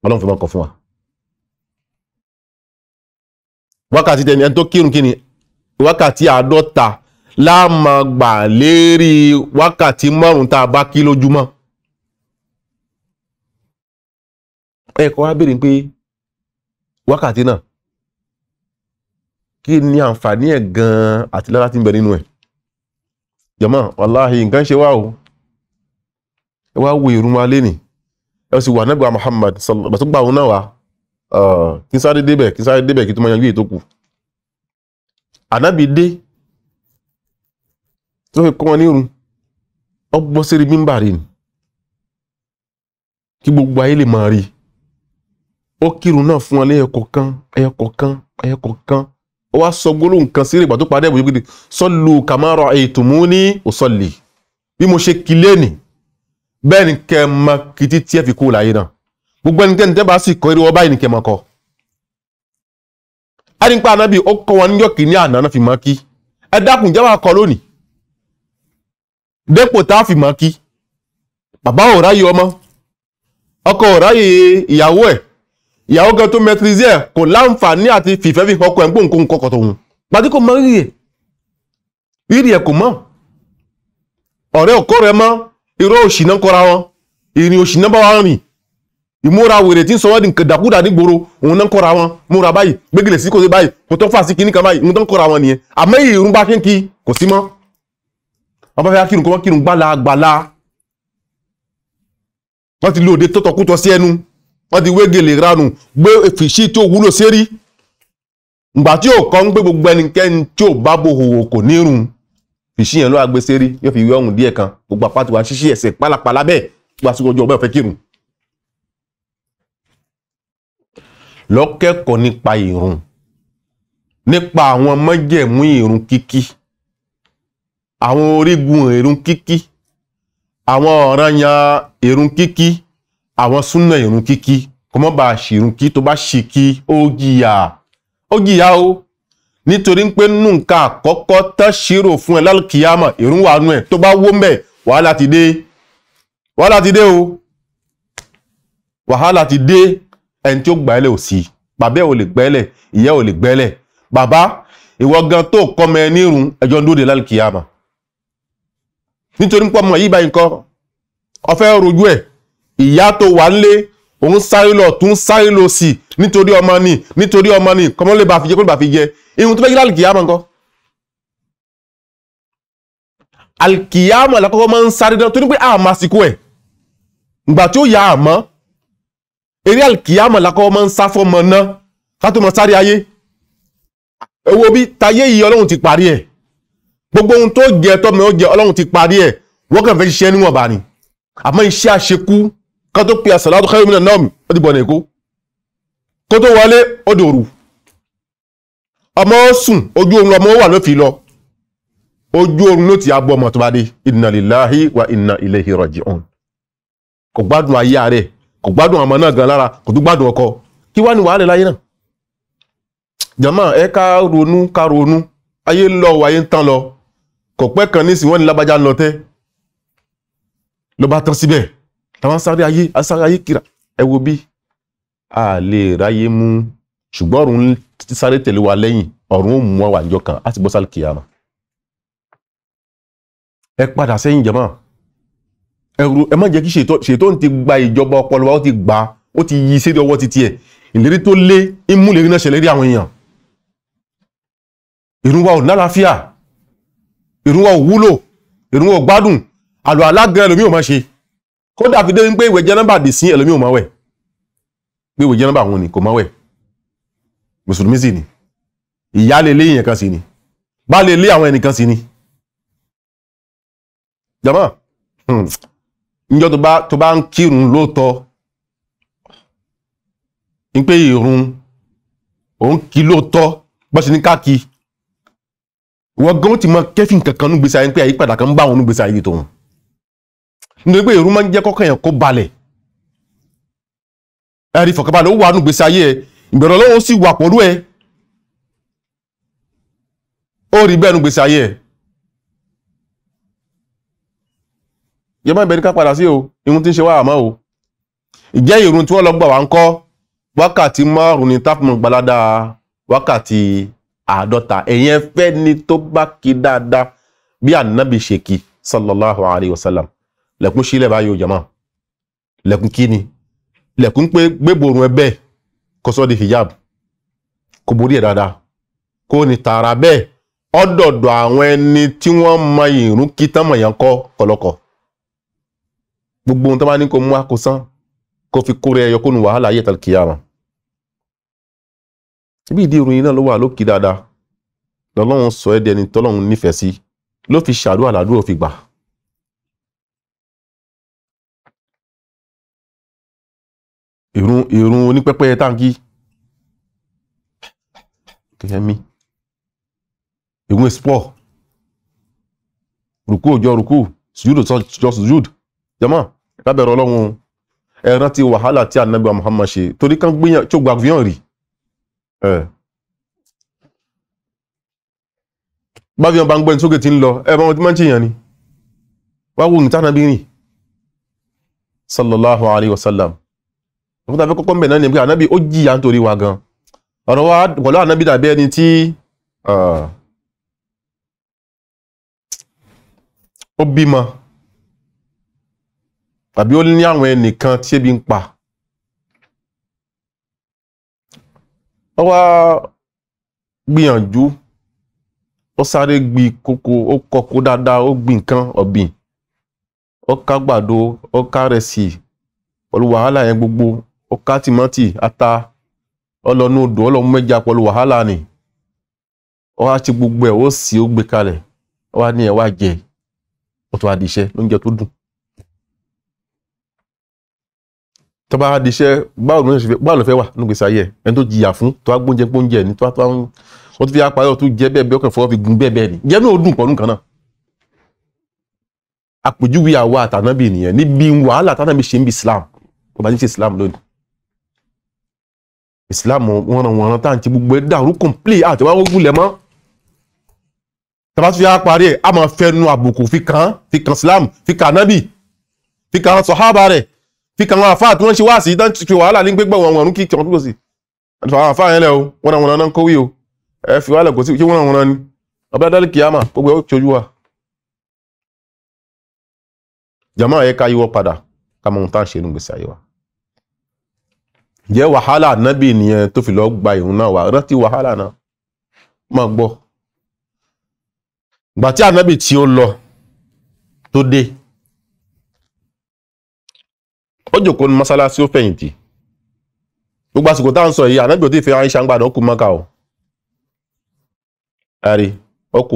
A: ọlọ́run fi máa kọ fún wa wákàtí tẹni ẹni tó kírun kíni wákàtí àádọ́ta láàmà gbà lérí wákàtí márùn tá a bá kí lójúmọ́ ẹ kọ́ wá béèrè pé wákàtí náà kí ni àǹfààní ẹ̀ gan-an àti lára tí ń bẹ nínú ẹ̀ jọ̀mọ́ wàláhì nǹkan ṣe wá o ẹ wá wo ìrun wa lénìí ẹ sì wà nẹ́gbàá Muhammad sọlọ́gbà tó gbà òun náà wá kí n sáré débẹ̀ kí n sáré débẹ̀ kí n tó máa yanjú ètò kù ànábì dé tó fi kọ́ wọn nírun ọgbọ́n sí rí mímbà rí ni kí gbogbo ayé lè máa rí i ó kírun náà fún wọn ní kan ẹyọkọ kan ẹyọkọ kan ó wá sọ gbólóhùn kan sí tó padà sọlù kàmárọ òsọlì bí mo ṣe kílé nì bẹ́ẹ̀ ni kẹ́ mọ kìtì tí fi kú láyé náà gbogbo ẹnikẹ́ni tẹ́ bá sì kọ́ irú ọba yìí ni kẹ́ mọ kọ́ a ní pa ó kọ́ fi mọ́ kí ẹ dákun jẹ́ kọ́ lónìí dépò tá a fi mọ́ ọmọ ọkọ ò ráyè ìyàwó ẹ̀ ìyàwó gan tó mẹtirizi ẹ̀ kò láǹfààní àti fìfẹ́ fi ọkọ ẹ̀ ń gbóǹkó nǹkan kọ̀tọ̀ òun gbadé kò mọ rírì ẹ̀ rírì ẹ̀ kò mọ ọ̀rẹ́ òkó rẹ̀ mọ́ irọ́ òṣìná kọra wọn ìrìn òṣìná bá wọn rìn ìmúra wèrè tí ń sọ wọ́n di nǹkan dàkúdà nígboro òun náà ń kọ́ra wọn múra báyìí gbégilè sí kò sí báyìí kò tó fà sí kinní kan báyìí òun náà ń kọ́ra wọn nìyẹn àmọ́ ìrún bá ṣe ń kí kò sí mọ́ wọn bá fẹ́ kírun kó wọ́n kírun gbálá gbálá wọ́n ti lo òde wọ́n ti wégele ránù gbé fìṣí tí ò wúlò sérí ìgbà tí ò kọ́ ń gbé gbogbo ẹnikẹ́ni tí ò bá bòhòwò kò nírun fìṣí yẹn ló wá gbé sérí yóò fi wé ọ̀hún díẹ̀ kan gbogbo àpáti wa ṣíṣí ẹ̀sẹ̀ pálapàla bẹ́ẹ̀ gba sí ojú ọgbẹ́ òfẹ́ kírun. lọ́kẹ́kọ̀ọ́ nípa ìrun nípa àwọn mọ́jẹ̀mú ìrun kíkí àwọn orígun ìrun kíkí àwọn ọ̀ranyàn ìrun kíkí àwọn súnà ìrun kíkí kó mọ́ bá ṣìrun kí tó bá ṣì kí ó jìyà ó jìyà o nítorí pé nù nǹkan àkọ́kọ́ tán ṣírò fún ẹ lálùkìyàmọ̀ ìrun wà nù ẹ tó bá wó mẹ́ wàhálà ti dé wàhálà ti dé o wàhálà ti dé ẹni tí ó gbà ẹ́lẹ̀ ò sí bàbá ẹ̀ ò lè gbẹ́lẹ̀ ìyá ò lè gbẹ́lẹ̀ bàbá ìwọ gan tó kọ́mọ ẹ nírun ẹjọ́ ń dóde lálùkìyàmọ̀ nítorí pé ọmọ yìí báyìí kọ́ ọ fẹ́ rojú ẹ̀ ìyá tó wà nílé òun sáré lọ tún sáré lọ sí nítorí ọmọ ni nítorí ọmọ ni kọmọ lè bá fi jẹ kó lè bá fi jẹ irun tó fẹ́ jẹ́ alìkìyàmọ̀ nǹkan alìkìyàmọ̀ làkọ́kọ́ máa ń sáré dán torí pé àmà síkú ẹ̀ ìgbà tí ó yà àmọ́ eré alìkìyàmọ̀ làkọ́kọ́ máa ń sá fọ́mọ náà kátó mọ sáré ayé ẹ wo bí tayé yìí ọlọ́run ti parí ẹ̀ gbogbo ohun tó jẹ tọ́mọ ó jẹ ọlọ́run ti parí ẹ̀ wọ́n kàn fẹ́ ṣiṣẹ́ níwọ̀nba ni àmọ́ iṣẹ́ àṣekú ká tó pe àsàlátù khayrun minan nawm ó ti gbọ̀nà èkó kó tó wọlé ó dòrú ọmọ sùn ojú oorun ọmọ wà lófin lọ ojú oorun ló ti abọ́ ọmọ tó bá dé inna lillahi wa inna ilayhi raji'un kò gbádùn ayé rẹ̀ kò gbádùn ọmọ náà gan lára kò tún gbádùn ọkọ kí wá ní wàhálẹ̀ láyé náà jàmá ẹ ká ronú ká ronú ayé lọ wọ ń tán lọ kò pẹ́ kan nísìnyí wọ́n ní lábájá ń lọ tẹ́ ló bá tán síbẹ̀ táwọn sáré ayé asáré ayé kira ẹ wo bí a lè ráyé mú ṣùgbọ́n ọ̀run sáré tẹ̀lé wa lẹ́yìn ọ̀run ó mú wa àjọ kan á ti bọ́ sálì kìyàmà ẹ padà sẹ́yìn jẹ́mọ́ ẹrù ẹ má jẹ́ kí ṣètò ń ti gba ìjọba ọpọlọ wa ó ti gbà ó ti yí sí ọwọ́ titi ẹ̀ ìlérí tó lé ìmúlérí náà ṣẹlẹ̀ rí àwọn èèyàn ìrun ò lálàáfíà ìrun ò wúlò ìrun ò gbádùn àlọ́ alágbẹ̀rẹ̀ lómi ò máa ṣe kódà fi dé wípé ìwẹ̀ jẹ́nàbà dì sí ẹlòmíì ò máa wẹ̀ pé ìwẹ̀ jẹ́nàbà òun ni kò máa wẹ̀ mùsùlùmí sì ni ìyá lè lé èèyàn kan sí ni bá lè lé àwọn ẹnìkan sí ni Jama, hmm, níjọ tó bá tó bá ń kírun lóòótọ́ ń pé ìrun òun kí lóòótọ́ bọ́sí ní káàkiri wọ́n gan ó ti mọ kẹ́fìn kankan nígbèsè ayé pé àyípadà kan ń bá àwọn nígbèsè ayé tòun nítorí pé ìrú máa ń jẹ́ kọ́kàn yẹn kó balẹ̀ ẹ̀rí fọ̀kànbalẹ̀ ó wà nù gbèsè ayé ẹ ìbẹ̀rù Ọlọ́run sì wà pọ̀lú ẹ ó rí bẹ́ẹ̀ nù gbèsè ayé ẹ yẹ má ìbẹ̀rù ká padà sí o irun tí ń ṣe wá àmọ́ o ìjẹ́ ìrun tí wọ́n lọ gbà wá ń kọ́ wákàtí márùn ni táfùmù gbalada wákàtí àádọ́ta ẹ̀yẹn fẹ́ ni tó bá kí dáadáa bí ànábì ṣe sallallahu alayhi wa sallam lẹ̀kún sílẹ̀ bá yóò jàmá lẹ̀kún kíni lẹ̀kún pé gbégbòrùn ẹbẹ̀ kó sọ́ di hijab kó borí ẹ̀ dáadáa kó ní tààrà bẹ́ẹ̀ ọ̀dọ̀dọ̀ àwọn ẹni tí wọ́n mọ ìrún kí tán mọ̀ yàn kọ́ kọ̀lọ̀kọ̀ gbogbo ohun tó bá ní kó mú àkósán kó fi kórè ẹyọ kó nu wàhálà ayé tàbí kìyàmà ibi ìdí ìròyìn náà ló wà lókè dáadáa lọ́lọ́run sọ ẹ́ di ẹni tọ́lọ́run nífẹ̀ẹ́ sí ló fi ṣàdúrà ládùúrò fi gbà ìrun ìrun onípẹ́pẹ́ táǹkì kẹ̀kẹ́ mi ìrun ìsìpọ̀ rùkú òjò rùkú sùjúdù jọ sùjúdù jẹ́mọ́ lábẹ̀rẹ̀ ọlọ́run ẹ rántí wàhálà tí ànábì Muhammad ṣe torí kan gbìyàn tó gbà fihàn rí ẹ gbàfihàn bá ń gbẹ́ni sókè tí ń lọ ẹ bá wọn ti máa ń ṣèyàn ni wá wo nìtànàbí rìn sallallahu alayhi wa sallam nǹkan tá a fẹ́ kọ́kọ́ mbẹ̀ náà ni pé ànábì ó jìyà nítorí wa gan ọ̀rọ̀ wa dàbí ẹni tí ó bímọ tàbí ó ní àwọn ẹnìkan tí ebi ń pa ó wá gbìyànjú ó sáré gbi kókó ó kọkó dáadáa ó gbìn nǹkan ọ̀gbìn ó ká gbàdo ó ká yẹn gbogbo ọka timati ata ọlọnu odò ọlọmu mẹ́jà pọ̀lú wàhálà ni ọwá ti gbogbo ẹ̀ ó sì ó gbé ọwa ọwá jẹ ọtọ lóúnjẹ tó dùn tọba àdìṣẹ́ báwo ló ń wà n'ogbe ẹni tó jìyà fún tó gbóúnjẹ gbóúnjẹ tó tó wọ́n ti fi apá tó bẹ́ẹ̀ bẹ́ẹ̀ ọkàn fọwọ́ fi gun bẹ́ẹ̀ bẹ́ẹ̀ ni jẹ́ náà ó dùn islam wọn ràn wọn ràn táǹtì gbogbo ẹ dàrú complete àtẹwà ogun lẹ mọ tabatu ya parí ẹ a máa fẹnu àbùkù fi kàn fi kàn islam fi kàn nábì fi kàn sọhábà rẹ fi kàn àwọn àfáà tí wọn ṣe wá sí dáńtì ṣe wàhálà ní gbégbé wọn wọn kí tí wọn dúró sí àti àwọn àfáà yẹn lẹ o wọn ràn wọn ràn kówí o ẹ fi wàhálà kò sí ṣé wọn ràn wọn ràn ni ọbẹ dálí kìyàmà gbogbo ẹ ó ṣojú wa. jama ẹ ká yíwọ padà ká mọ ohun tá à jẹ́ wàhálà nábì nìyẹn tó fi lọ gba ìrun náà wà rántí wàhálà náà máa gbọ gbà tí ànábì tí ó lọ tó dé ó jòkó ní mọ́sálásí ó fẹ̀yìntì gbogbo àsìkò tá sọ yìí ànábì ò tí ì fẹ́ Àìṣà ń ó kú o ari ó kú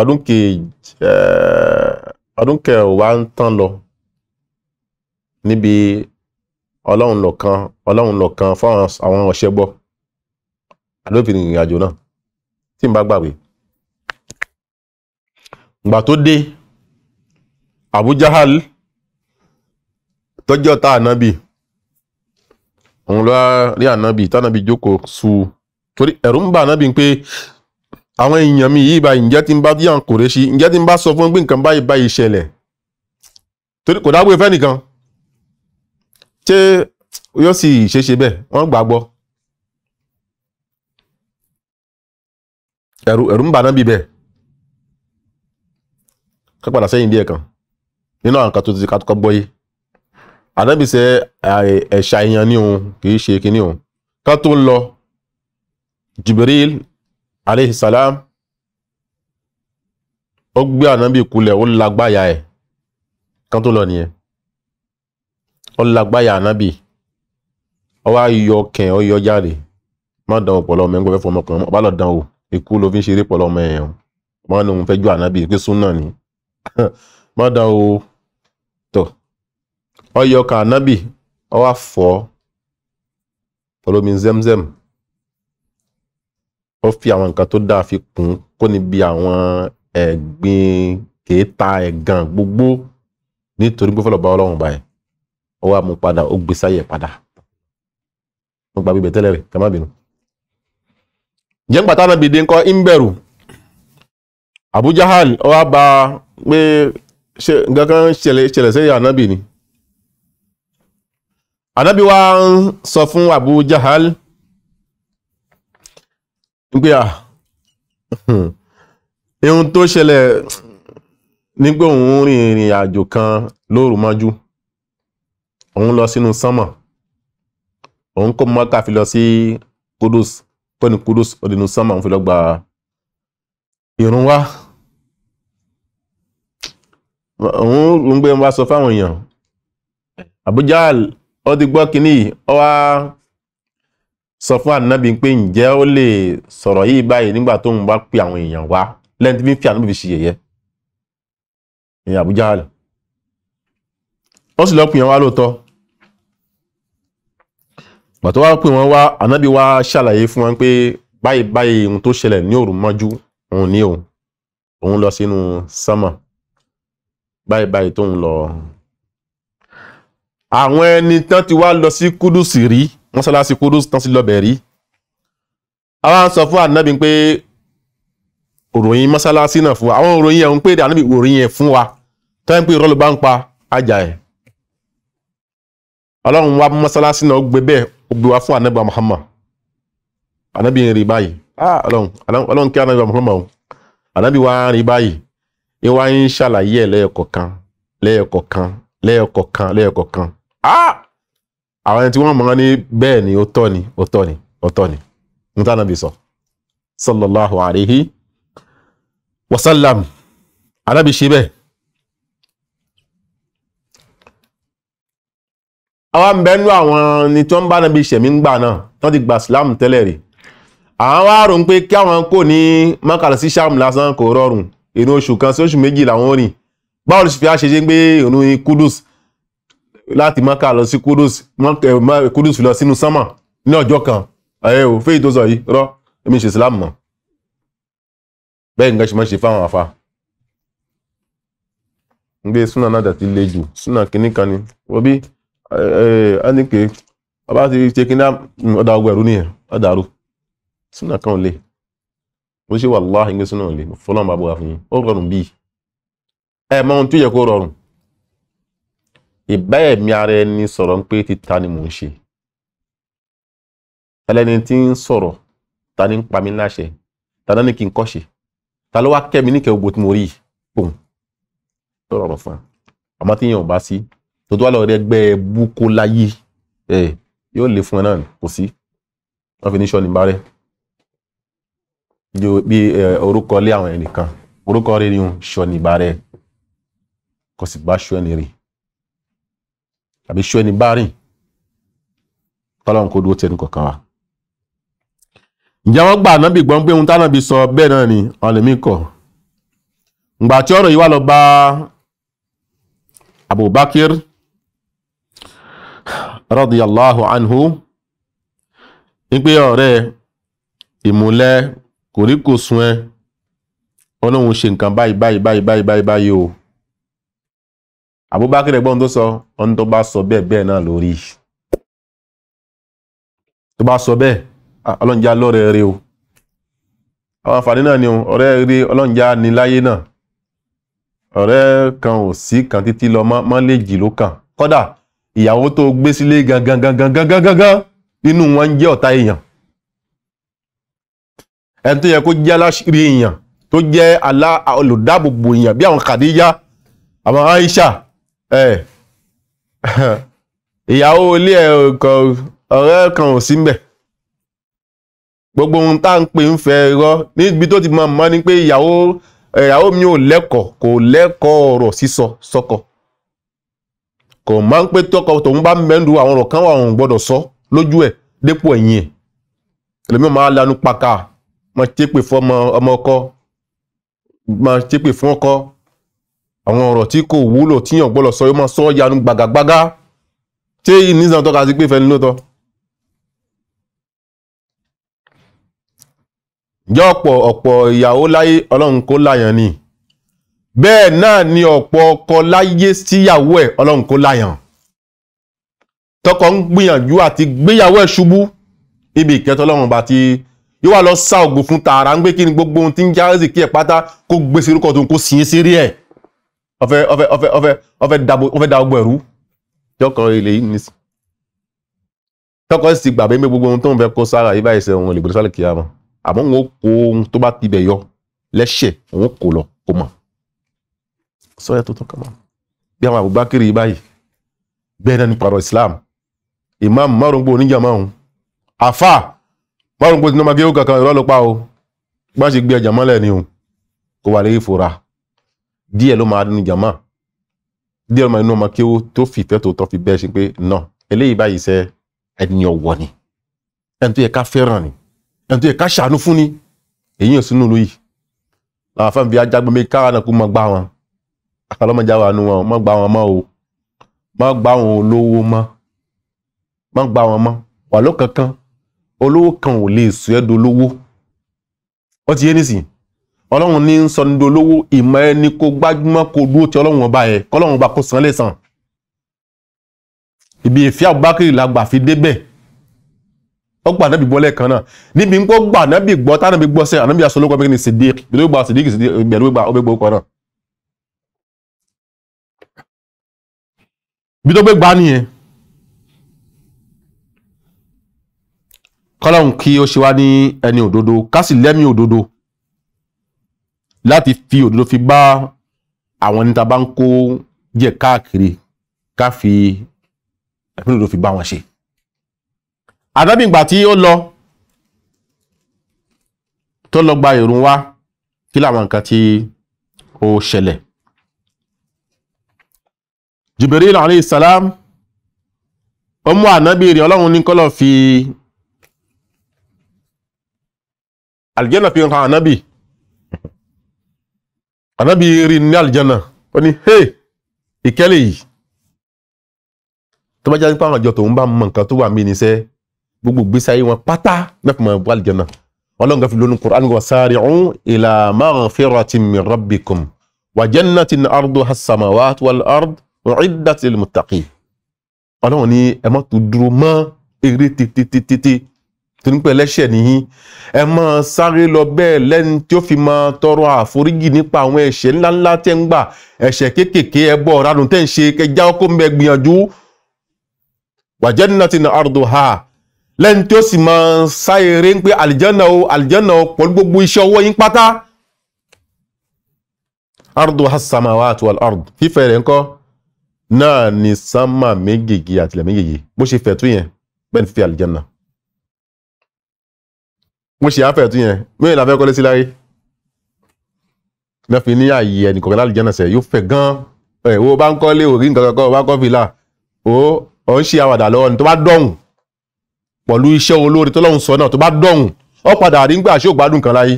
A: ọdún kejì eh, ọdún kẹwàá ń tán lọ níbi ọlọ́run lọ̀kan ọlọ́run lọ̀kan fáwọn àwọn ọ̀ṣẹ́ gbọ́ àlófin ìrìn àjò náà tí n bá gbàgbé ìgbà tó dé Abu Jahal tọ́jọ́ ta ànábì òun lọ rí ànábì tánábì jókòó su torí ẹ̀rù ń bà ànábì pé àwọn èèyàn mi yìí báyìí ǹjẹ́ tí ń bá díyàn kò rẹ́ sí ǹjẹ́ tí ń bá sọ fún pé nǹkan báyìí báyìí ṣẹlẹ̀ torí kò dágbé fẹ́ nìkan ṣé yóò sì ṣeéṣe bẹ́ẹ̀ wọ́n gbàgbọ́ ẹ̀rù ẹ̀rù ń bà náà bí bẹ́ẹ̀ kan nínú àwọn kan tó ti ká tó kọ́ yìí ànábì sẹ́ ẹ̀ṣà èèyàn òun kì í ṣe òun ká tó ń lọ Jibril ó gbé ànábì kulẹ̀ ó ẹ̀ ọlágbáyà ànábì ọwọ́ ayọ̀ kẹ̀ ọyọ jáde má dán o pọ̀lọ́ ọmọ ẹgbẹ́ fẹ́ fọmọ kan ọba lọ dán o èkú ló fi ń ṣeré pọ̀lọ́ ọmọ ẹ̀yàn ọmọ ní òun fẹ́ ju ànábì pé súnà ni má dán o tọ̀ ọyọ kan ànábì ọwọ́ àfọ́ olómi zemzem ó fi àwọn nǹkan tó dáa fi kún kó níbi àwọn ẹ̀gbin kèéta ẹ̀gàn gbogbo nítorí pé fọlọ́ba ọlọ́run báyìí ó wá mú padà ó gbé sáyẹ̀ padà ó gba bíbẹ̀ tẹ́lẹ̀ rẹ̀ kẹ́ má bínú. jẹ́ ń pàtàkì náà ń bẹ̀rù Abu Jahal ó wá bá pé ṣe nǹkan kan ṣẹlẹ̀ ṣẹlẹ̀ sí ànábì ni ànábì wa ń sọ fún Abu Jahal pé à ihun tó ṣẹlẹ̀ nígbà òun rìnrìn àjò kan lóru mọ́jú òun lọ sínú sánmọ̀ òun kó mọ́kà fi lọ sí kudus tó ní kudus ó dínú sánmọ̀ òun fi lọ gba ìrun wá òun ń gbé wá sọ fáwọn èèyàn àbújá ó ti gbọ́ kínní yìí ó wá sọ fún ànábì pé ǹjẹ́ ó lè sọ̀rọ̀ yìí báyìí nígbà tó ń bá pe àwọn èèyàn wá lẹ́yìn tí fi ń fi ṣe yẹ̀yẹ́ ìyẹn àbújá rẹ̀ ó sì lọ pè wọ́n wá lóòótọ́ gbàtọ́ wá pè wọ́n wá ànábì wá ṣàlàyé fún wọn pé báyìí báyìí ohun tó ṣẹlẹ̀ ní òru mọ́jú òun ní òun òun lọ sínú sánmà báyìí báyìí tóun lọ àwọn ẹni tán ti wá lọ sí kúdùsì rí wọ́n sọ́lá sí kúdùsì tán sí lọ́bẹ̀ rí àwọn sọ fún ànábì pé òròyìn mọ́sálásí náà fún wa àwọn òròyìn ẹ̀ ń pè ànábì òròyìn ẹ̀ fún wa tó ń pè rọ́lù bá ń pa ajá ẹ̀ ọlọ́run wa mọ́sálásí náà gbé bẹ́ẹ̀ ó gbé wa fún anábà Muhammad anábì ń rí báyìí ah, ọlọ́run kí anábà Muhammad anábì wa ń rí báyìí ni wá ń ṣàlàyé ẹ̀ lẹ́yọkọ̀kan lẹ́yọkọ̀kan lẹ́yọkọ̀kan lẹ́yọkọ̀kan ah! àwọn ẹni tí wọ́n mọ̀ ní bẹ́ẹ̀ ni ó tọ́ ni ó tọ́ ni ó tọ́ ni ní tá anábì sọ sallallahu alayhi wa sallam ṣe bẹ́ẹ̀. àwọn mbẹ́nu àwọn ni tó ń bá nàbí ìṣẹ̀mí ń gbà náà tó ti gba Islam tẹ́lẹ̀ rí àwọn wá rò ń pé kí àwọn kò ní mọ́kàlá sí Sham lásán kò rọrùn inú oṣù kan sí oṣù méjì làwọn rìn báwo ló ṣe fi á ṣe ṣe gbé ìrù Kudus láti mọ́kà lọ sí Kudus eh, Kudus lọ sínú sánmà ní ọjọ́ kan ẹ̀ ò fẹ́ ìtòsọ yìí rọ́ èmi ṣe Islam mọ́ bẹ́ẹ̀ nǹkan ṣe máa ṣe fáwọn àfa ń gbé súnà náà dàtí le jù súnà kìnnìkan ni wọ́n bí Eh, ẹnìkè ọba ti ṣe kí ní ọgbà ẹ̀rú súnà kan lè mo ṣe wàláhì ń gbé súnà lè bá fún ó rọrùn ẹ mọ ohun yẹ kó rọrùn ìbá ẹ̀mí ara ẹni sọ̀rọ̀ pé ni mò ń ṣe ẹlẹ́ni tí ń sọ̀rọ̀ ta ni ń pa mí láṣẹ ṣe ta ló wá níkẹ́ tí mo rí rọrùn fún wa àmọ́ tí yẹn ò bá tó tó wà lọ́rẹ́ ẹgbẹ́ bukolayi ẹ̀ yóò lè fún ẹ náà kò sí wọ́n fi ní sọ́ọ̀nì bárẹ̀ bí orúkọ lé àwọn ẹnìkan orúkọ rẹ̀ ni sọ́ọ̀nì bárẹ̀ kò sì bá sọ́ọ̀nì rìn àbí sọ́ọ̀nì bá rìn tọ́lọ́run kó dúró tẹnu kọ̀ọ̀kan wa ǹjẹ́ wọ́n gbà ànábì gbọ́n pé ohun tánàbì sọ bẹ́ẹ̀ náà ni ọ̀lẹ́mí kọ̀ ǹgbà tí ọ̀rọ̀ yìí wà lọ bá Abubakar radiyallahu anhu wípé ọ̀rẹ́ ìmúlẹ̀ kòríkòsùn ẹ olóhun ṣe nǹkan báyìí báyìí báyìí báyìí báyìí báyìí o Abubakar ẹ̀gbọ́n tó sọ ọ̀n tó bá sọ bẹ́ẹ̀ bẹ́ẹ̀ náà lórí tó bá sọ ah, o àwọn àǹfààní náà ni ọ̀rẹ́ rí ọlọ́njá láyé náà ìyàwó tó gbé sílé gangan gangan gangan gangan inú wọn ń jẹ́ ọ̀tá èèyàn ẹni tó yẹ kó jẹ́ aláṣírí èèyàn tó jẹ́ alá olùdáàbòbò èèyàn bí àwọn Khadija àwọn Aisha ìyàwó ilé ẹ̀kọ́ kan ò sí gbogbo ohun tá ń pè ń fẹ́ irọ́ níbi tó ti mọ̀ mọ́ ni pé ìyàwó ìyàwó mi ò lẹ́kọ̀ọ́ kò lẹ́kọ̀ọ́ ọ̀rọ̀ sísọ sọ́kọ̀ọ́ kò máa ń pé tọkọ tòun bá mẹ́nu àwọn ọ̀rọ̀ kan wà òun gbọ́dọ̀ sọ lójú ẹ̀ dépò ẹ̀yìn ẹ̀ ẹlòmíì máa lanu paka máa ṣépè fún ọmọ ọmọ ọkọ máa ṣépè fún ọkọ àwọn ọ̀rọ̀ tí kò wúlò tíyàn gbọ́dọ̀ sọ yóò máa sọ yanu gbàgàgbàgà ṣé ìníṣàn tọ́ka sí pé fẹ́ni lóòótọ́. ǹjẹ́ ọ̀pọ̀ ọ̀pọ̀ ìyàwó láyé ọlọ́run kó láyàn ni bẹ́ẹ̀ náà ni ọ̀pọ̀ ọkọ láyé síyàwó ẹ̀ ọlọ́run kó láyàn tọkọ ń gbìyànjú àti gbéyàwó ẹ̀ ṣubú ibi ìkẹtọ ọlọ́run bá ti yóò wá lọ sá ògùn fún tààrà ń gbé kí ni gbogbo ohun tí ń já ẹ̀sì kí ẹ̀ pátá kó gbé sí orúkọ tó ń kó sì í sírí ẹ̀ ọfẹ ọfẹ ọfẹ ọfẹ ọfẹ da ọgbọ ẹrú tọkọ ilé yìí nìsí tọkọ sì gbàgbé mi gbogbo ohun tó ń fẹ́ kó sára yìí báyìí sẹ òun lè gbèdúsálẹ kìí àmọ́ àmọ́ òun ó kó ohun tó bá tibẹ̀ yọ lẹ́sẹ̀ òun kò lọ kó mọ̀ sọ́yà tó tún kàn mọ́ bí àwọn Abubakar yìí báyìí bẹ́ẹ̀ ní parọ́ Islam imam márùngbò oníjà márùn afa márùngbò tí nọ́mà géwò kankan ìrọ́ ló pa o bá ṣe gbé ẹjàmọ́ lẹ́ni o kò wà lẹ́yìn fòrà díẹ̀ ló máa nínú jàmá díẹ̀ ló máa nínú ọmọ kéwò tó fìfẹ́ tó tọ́ fi bẹ́ẹ̀ ṣe pé nà eléyìí báyìí sẹ́ ẹni ọ̀wọ̀ ni ẹni tó yẹ ká fẹ́ràn ni ẹni tó yẹ ká ṣàánú fún ni èyí ò sínú olóyìí làwọn afẹ́ mi bí ajágbọ́n mi káwọn náà kú mọ gbá wọn àkàlọ́mọjà wà nù wọn má gba wọn mọ́ o má gba wọn olówó mọ́ má gba wọn mọ́ wà ló kankan olówó kan ò lè sọ ẹ́ dolówó wọ́n ti yé nísìnyí ọlọ́run ní ń sọ ní dolówó ìmọ̀ ẹni kó gbájúmọ́ kó dúró tí ọlọ́run ọba yẹ kọ́lọ́run ọba kó san lẹ́sàn ibi ìfẹ́ àbúbákiri la gbà fi débẹ̀ ó gbà nábì gbọ́ lẹ́ẹ̀kan náà níbi ń kó gbà nábì gbọ́ tánábì gbọ́ sẹ́ ànábì aṣọ olóko ọmọkìnrin sèdíè ìgbẹ́lógbà sèdíè ìgbẹ́lógbà ọmọkìnrin kan náà ibi tó gbé gbá nìyẹn kọ́lọ́hún kí ó ṣe wá ní ẹni òdodo ká sì lẹ́mí òdodo láti fi òdodo fi bá àwọn ẹni tá a bá ń kó jẹ káàkiri ká fi ẹ̀mí òdodo fi bá wọn ṣe. àdábì ìgbà tí ó lọ tó lọ gba ìrun wá kí làwọn nǹkan tí ó ṣẹlẹ̀. Jibril alayhi salam ó mú ànábì rẹ̀ ọlọ́run ní kọ́lọ̀ fi aljanna fi hàn ànábì ànábì rí ní aljanna ó ní hé ìkẹ́lẹ̀ yìí tó bá jáde pàwọn àjọ tó ń bá mọ nǹkan tó wà mí níṣẹ́ gbogbo gbèsè ayé wọn pátá mẹ́fùmọ́ ẹ̀bùn aljanna ọlọ́run fi lónú Qur'an wa sari'u ila maghfiratin min rabbikum wa jannatin arduha as-samawati wal ard ọ̀rẹ́dà ti lè mú tàkì ọlọ́run ní ẹ má tó dúró mọ́ eré tètètètè tó ń pẹ́ lẹ́ṣẹ̀ nìyí ẹ má sáré lọ bẹ́ẹ̀ lẹ́ni tí ó fi máa tọrọ àforíjì nípa àwọn ẹ̀ṣẹ̀ ńláńlá tẹ́ ń gbà ẹ̀ṣẹ̀ kéékèèké ẹbọ ọ̀ranù tẹ́ ń ṣe kẹjá ọkọ mẹ gbìyànjú wàjẹ́nìnà ti nà ọ̀rọ̀dọ̀ ha lẹ́ni tí ó sì máa sá ń pé àlìjánà o àlìjánà o pẹ̀lú gbogbo iṣẹ́ ọwọ́ yín pátá ardu hasamawati wal ard fífẹ́ rẹ̀ ńkọ́ náà ni sánmà méjèèjì àtìlẹ̀ méjèèjì bó ṣe fẹ̀ tó yẹn bẹ́ẹ̀ ni fífi àlìjánà bó ṣe àfẹ̀ tó yẹn mẹ́rin la fẹ́ kọ́lé sí láyé lọ́fi ní ààyè ẹnìkọ̀ọ̀kan lálìjánà sẹ̀ yóò fẹ̀ gan-an ẹ̀ wo bá ń kọ́lé orí nǹkan kankan bá kọ́ fìlà o ò ń ṣe àwàdà lọ́wọ́ ni tó bá dọ̀hùn pọ̀lú iṣẹ́ olóore tó lọ́hùn sọ náà tó bá dọ̀hùn ó padà rí ń gbà ṣé ò gbádùn kan láyé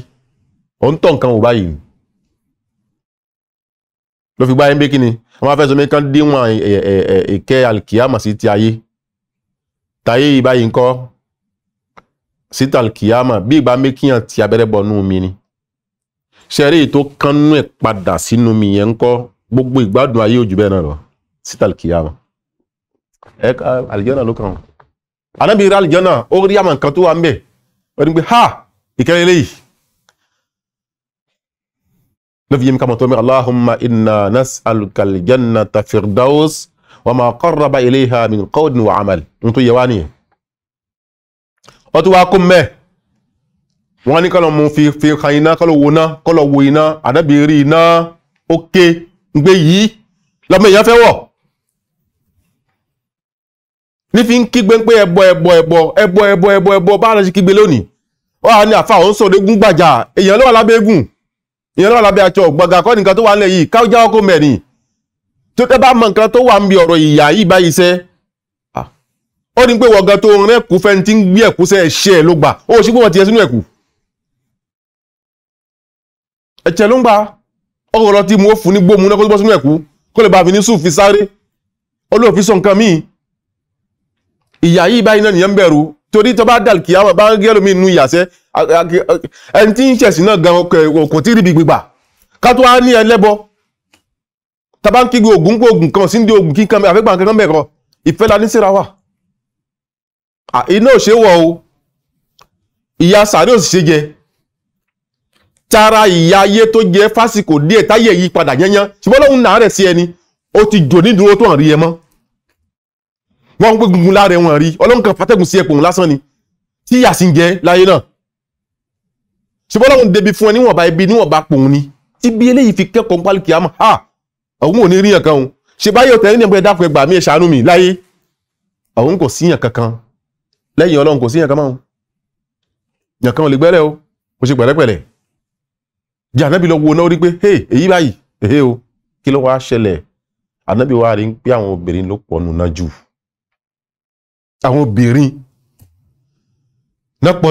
A: ò ń tọ̀ nǹkan wò báyìí Lo fi gbáyé ń bí kíni wọ́n máa fẹ́ sọ mẹ́kan díwọ̀n ìkẹ́ alkiyama sí ti ayé tayé yìí báyìí ńkọ́ sí ti alkiyama bí ìgbà mẹ́kíyàn ti abẹ́rẹ́ bọ̀ nú mi ni ṣẹ́rí èyí tó kánú ẹ̀ padà sínú mi yẹn ńkọ́ gbogbo ìgbádùn ayé òjò bẹ́ẹ̀ náà lọ sí ti alkiyama ẹ àlìjọ́nà ló kàn án anábìrì àlìjọ́nà ó rí àmọ̀ nǹkan tó wà ń bẹ̀ ó ní pé ha ìkẹ́lẹ́lẹ́ yìí ló fi yé mi ká mọ̀ tó mi Allahumma inna nas'aluka al-jannata firdaus wa ma qarraba ilayha min qawlin wa amal n tó yẹ wá nìyẹn. wọ́n tún wá kó mẹ́ wọ́n ní kọ́lọ̀ mú fi fi kan iná kọ́lọ̀ wo iná kọ́lọ̀ wo iná àdábì rí iná ó ké ń gbé yìí lọ́mọ èèyàn fẹ́ wọ̀ ní fi ń kígbe pé ẹbọ ẹbọ ẹbọ ẹbọ ẹbọ ẹbọ ẹbọ bá a lọ sí kígbe lónìí wọ́n á ní àfa òun sọ̀rọ̀ egun gbàjà èèyàn ló wà lábẹ́ egun ìyẹn lọ́wọ́ lábẹ́ àjọ gbọ̀ngàn kọ́ nìkan tó wà nílẹ̀ yìí káwọ́ jáwọ́ kó mẹ́rin tó tẹ́ bá mọ nǹkan tó wà ń bi ọ̀rọ̀ ìyá yìí báyìí sẹ́ ó ní pé wọ̀gán tó rẹ́ kú fẹ́ni tí ń gbé ẹ̀kú sẹ́ ẹ̀ ló gbà ó ti sínú ẹ̀kú ló ń gbà torí tó bá dàlù kìí àwọn bá ń gẹ́lò mi nu ìyàsẹ́ ẹni tí ń ṣẹ̀sìn náà gan kò tí ì ríbi gbígbà ká tó wá ní ẹlẹ́bọ tàbá ń kígbe ògùn kó ògùn kan sí ní ògùn kíkan àfẹ́gbà kankan mẹ́kọ ìfẹ́ la ní síra wà iná ò ṣe wọ̀ o ìyà sàárè ò sì ṣe jẹ tara ìyà ayé tó jẹ fásìkò díẹ̀ táyé yí padà yányán ṣùgbọ́n lóhun nàárẹ̀ sí ẹni ó ti jò nídùúró tó hàn rí ẹ mọ́ wọ́n ń gbé gungun láàrẹ wọn rí ọlọ́run kan fàtẹ́gùn sí ẹkùn lásán ni tí ìyà sì ń jẹ láyé náà ṣùgbọ́n ọlọ́run débi fún ẹ níwọ̀nba ibi níwọ̀nba pòun ni tí bí eléyìí fi kẹ́kọ̀ọ́ pálí kìámà ha òun ò ní rí ẹ̀kan òun ṣe báyọ̀ tẹ̀lé ní ẹgbẹ́ dákun ẹgbàá mi ẹ̀ ṣàánú mi láyé òun kò síyàn kankan lẹ́yìn ọlọ́run kò síyàn kankan yàn kan ò lè gbẹ́rẹ́ o kò ṣe pẹ̀lẹ́pẹ̀lẹ́ jẹ́ ànábì lọ wo náà rí pé hey èyí báyìí kí ló wá ṣẹlẹ̀ ànábì wá rí pé àwọn obìnrin ló pọ̀ nù náà jù àwọn obìnrin lọ́pọ̀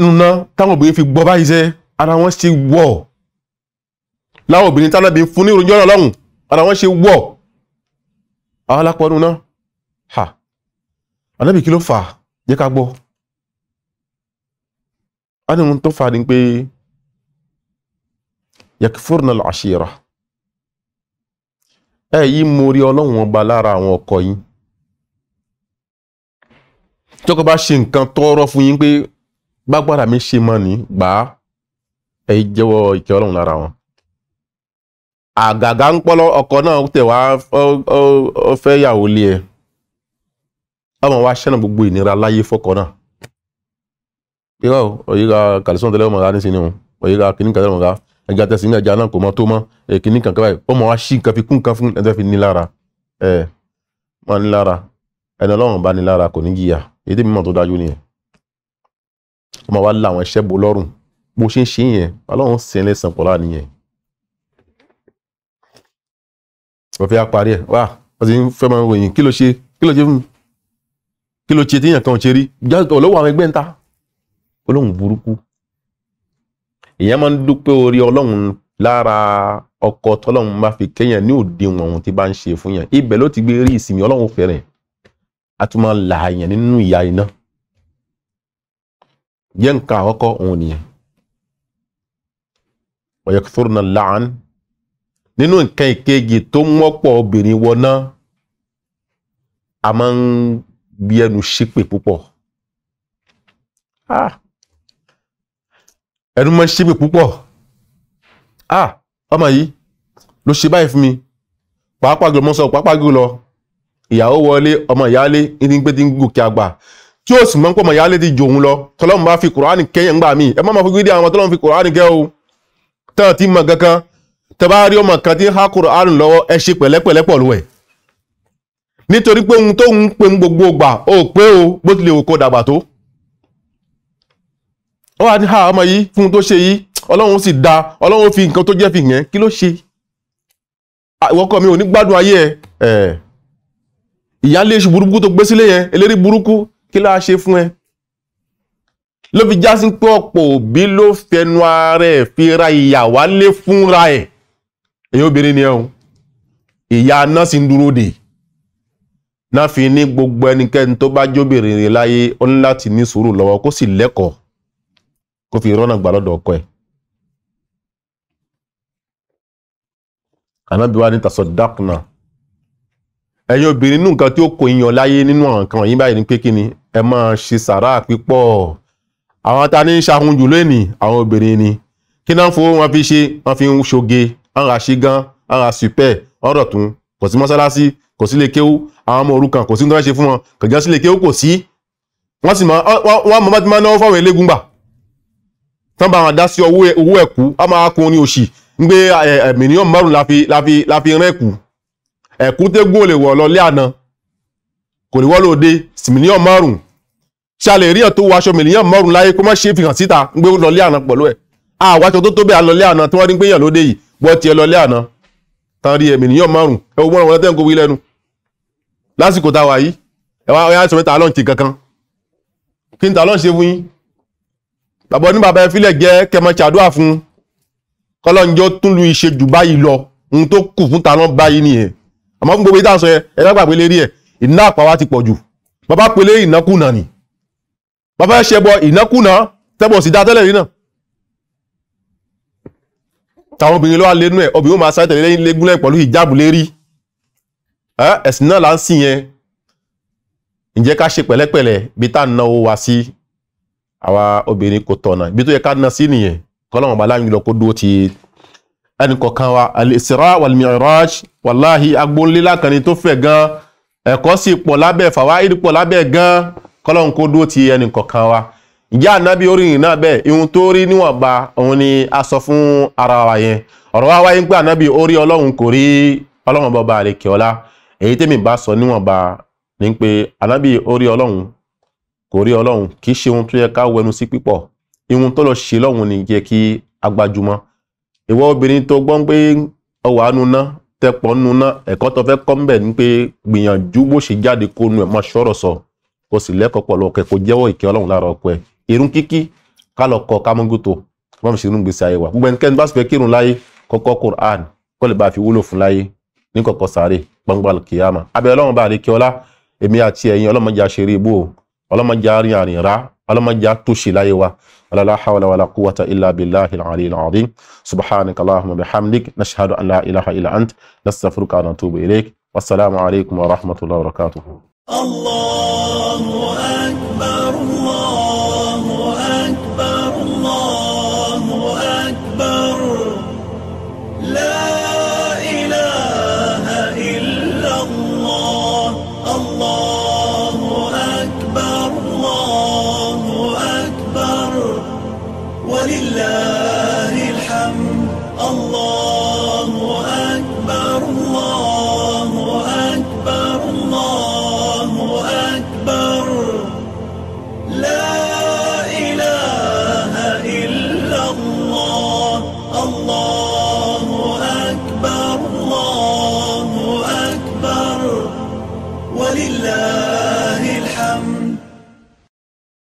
A: nùná táwọn obìnrin fi gbọ́ báyìí sẹ́ ara wọn ṣe wọ̀ láwọn obìnrin tálábì ń fún ní ìròyìn ọ̀rọ̀ ọlọ́run ara wọn ṣe wọ̀ àwọn alápọ̀ nùná ha anábì kí ló fà jẹ́ ká gbọ́ a ní ohun tó fà ní pé yakfurna al-ashira ẹ̀ yí mo rí ọlọ́run ọba lára àwọn ọkọ yìí tọ́kọ bá ṣe nǹkan tọ́rọ́ fún yín pé gbágbára mi ṣe mọ́ ní gbà á ẹ jẹ́wọ́ ìkẹ́ ọlọ́run lára wọn. àgàgà ń ọkọ náà wá yàwó lé ọmọ wa ṣẹ́nà gbogbo ìnira láyé fọkọ náà. tẹ́lẹ̀ ọmọ ní kìnnìkan tẹ́lẹ̀ ọmọ ẹja tẹ̀sí ní wa ṣì nǹkan fi kún nǹkan fún èdè mímọ̀ tó dájú nìyẹn ó máa wá la àwọn iṣẹ́ bo lọ́rùn bó ṣe ń ṣe yẹn ọlọ́run sì ń lẹ́sàn pọ̀ láàrin yẹn wọ́n fi parí ẹ̀ wá wọ́n sì ń fẹ́ máa ń ròyìn kí ló ṣe kí ló ṣe fún mi kí ló ṣe tí èèyàn kan ò ṣe rí ọlọ́wọ́ àwọn ẹgbẹ́ ń ta olóhùn burúkú èèyàn máa ń dúpẹ́ orí ọlọ́run lára ọkọ tọ́lọ́run bá fi kẹ́yàn ní òdiwọ̀n ohun bá ń ṣe fún yàn ibẹ̀ ló ti gbé rí ìsinmi ọlọ́run fẹ́rẹ̀ẹ́ a tún máa là èèyàn nínú ìyá iná jẹ́ nǹkan àkọ́kọ́ òun nìyẹn ọ̀yẹ̀kùsọ́rọ̀ náà láàánú nínú nǹkan ìkejì tó mọ́pọ̀ obìnrin wọná a máa ń bí ẹnu ṣépè púpọ̀ ah! ẹnu máa ń ṣépè púpọ̀ ah! ọmọ yìí ló ṣe báyìí fún mi pàápàá jùlọ mọ́ sọ pàápàá jùlọ ìyàwó wọlé ọmọ ìyáálé ní gbé tí ń a àgbà tí ó sì mọ́ pọ̀ ọmọ ìyáálé ti jòun lọ tọ́lọ́mù bá fi kùránì kẹ́yìn gbà mí ẹ má máa fi àwọn tọ́lọ́mù fi kùránì kẹ́ o tán ti mọ kankan tẹ rí ọmọ kan tí ń há kùránì lọ́wọ́ ẹ ṣe pẹ̀lẹ́pẹ̀lẹ́ pọ̀ lọ́wọ́ ẹ̀ nítorí pé ohun tó ń pe gbogbo gbà ó pé o bó tilẹ̀ òkò dàgbà tó ó wà ní ha ọmọ yìí fún tó ṣe da ọlọ́run fi nǹkan tó jẹ́ fi kí ló ṣe ìwọ́kọ̀ ìyálé iṣu burúkú tó gbé sílé yẹn eléri burúkú kí ló á ṣe fún ẹ ló fi já sí pé ọ̀pọ̀ òbí ló fẹnu ara ẹ̀ fi ra ìyà wálé fúnra ẹ̀ èyí obìnrin ni ẹ o ìyá náà sì ń dúró dè náà fi ní gbogbo ẹnikẹ́ni tó bá jóbìnrin rẹ̀ láyé ó ní láti ní sùúrù lọ́wọ́ kó sì lẹ́kọ̀ọ́ kó fi rọ́nà gbà lọ́dọ̀ ọkọ ẹ̀. ànábìwá ní tàṣọ dákùnà ẹ̀yin obìnrin nínú nǹkan tí ó kó yan láyé nínú àwọn nǹkan yìí báyìí ni pé kí ni ẹ máa ṣe sàrà pípọ̀ àwọn ta ní ṣahun jù lónìí àwọn obìnrin ni kí náà fowó wọn fi ṣe wọn fi ń ṣoge wọn ra ṣígán wọn ra sùpẹ̀ wọn rọ̀ tún kò sí mọ́sálásí kò sí lè kéwú àwọn ọmọ òrukàn kò sí nǹkan ṣe fún wọn kò jẹ́ sí lè kéwú kò sí wọ́n sì wọ́n mọ́ ti máa náwó fáwọn eléégún gbà tán bá wọn dá sí owó ẹ̀kú á máa kún ní òṣì ń gbé ẹ̀mí ní ọmọ ún la fi rẹ́ẹ̀kú ẹ̀kúntégún ò lè wọ̀ lọ lé àná kò lè wọ́ lóde mílíọ̀n márùn-ún ṣe a lè rí ẹ̀ tó wọ aṣọ mílíọ̀n márùn-ún láyé kó má ṣe fi hàn síta ń gbé lọ lé àná pẹ̀lú ẹ̀ àwọn aṣọ tó tó bẹ́ẹ̀ lọ lé àná tí wọ́n rí gbéyàn lóde yìí wọ́n tiẹ̀ lọ lé àná tán rí ẹ̀ mílíọ̀n márùn-ún ẹ wo gbọ́n tẹ́ ń kó wí lẹ́nu lásìkò tá a wà yìí ẹ wá ọyá sọ mẹ́ta lọ́n ti kankan kí n ta lọ́n ṣe fún yín bàbá ní bàbá ẹ fílẹ̀ jẹ́ kẹmọ ṣàdúrà fún kọ́lọ́njọ́ tún lu ìṣe jù báyìí lọ ohun tó kù fún ta báyìí nìyẹn àmọ́ fún gbogbo ìta sọ yẹn ẹ dágbà pé lérí ẹ̀ iná àpáwá ti pọ̀ jù bàbá pélé ìnákùnà ni bàbá ẹ ṣẹbọ ìnákùnà tẹ́bọ̀ sí dá tẹ́lẹ̀ rí náà tàwọn obìnrin ló wà lẹ́nu ẹ̀ obìnrin ó máa sáré tẹ̀lé lẹ́yìn légúnlẹ̀ pẹ̀lú ìjáàbù lérí ẹ̀sìn náà là ń sìn yẹn ǹjẹ́ ká ṣe pẹ̀lẹ́pẹ̀lẹ́ bí tá à ń náwó wa sí àwa obìnrin kò tọ̀nà ibi tó yẹ ká ná sí nìyẹn kọ́lọ́mọba láyún lọ kó dúró ti ẹnìkọ̀kan wa al-Isra wal-Mi'raj wàláhì tó fẹ̀ gan ẹ̀kọ́ sì pọ̀ lábẹ́ fàwáìdì pọ̀ lábẹ́ gan kọ́lọ́n kó dúró ti ẹnìkọ̀kan wa ìjẹ́ ànábì oríyìn náà bẹ́ẹ̀ ihun tó rí níwọ̀nba òun ni a sọ fún ara wa yẹn ọ̀rọ̀ wa wáyé ń pé ànábì orí kò rí ọlọ́hún ọlá èyí tèmi bá sọ níwọ̀nba ìwọ obìnrin tó gbọ́n pé ọwà nuná tẹpọ̀ nuná ẹ̀kọ́ tó fẹ́ kọ́ mbẹ̀ ni pé gbìyànjú bó ṣe jáde kó nu ẹ̀ máa ṣọ́rọ̀ sọ kó sì lẹ́kọ̀ọ́ pọ̀ lọ́kẹ́ kó jẹ́wọ́ ìkẹ́ ọlọ́run lára ọkọ ẹ̀ irun kíkí ká lọ kọ kámọ́gòtò kó má fi ṣerú gbèsè àyẹ̀wò gbogbo ẹnikẹ́ni bá sì fẹ́ kírun láyé kọ́kọ́ Quran kó lè bá fi wúlò fún láyé ní kọ̀kọ́ sáré gbangba kìyàmà abẹ́ ọlọ́run bá àdékẹ́ ọlá èmi àti ẹ̀yin ọlọ́mọdé àṣeré ibò ọlọ́mọdé àárín rá ọlọ́mọdé àtúnṣe láyé wa wàlálà hawla wàlá kúwàtà ilà billahi al-ali al-azim subhanaka allahumma bihamdik nashhadu an la ilaha illa ant nastaghfiruka wa natubu ilayk wasalaamu alaykum wa rahmatullahi wa barakatuh. allahu akbar.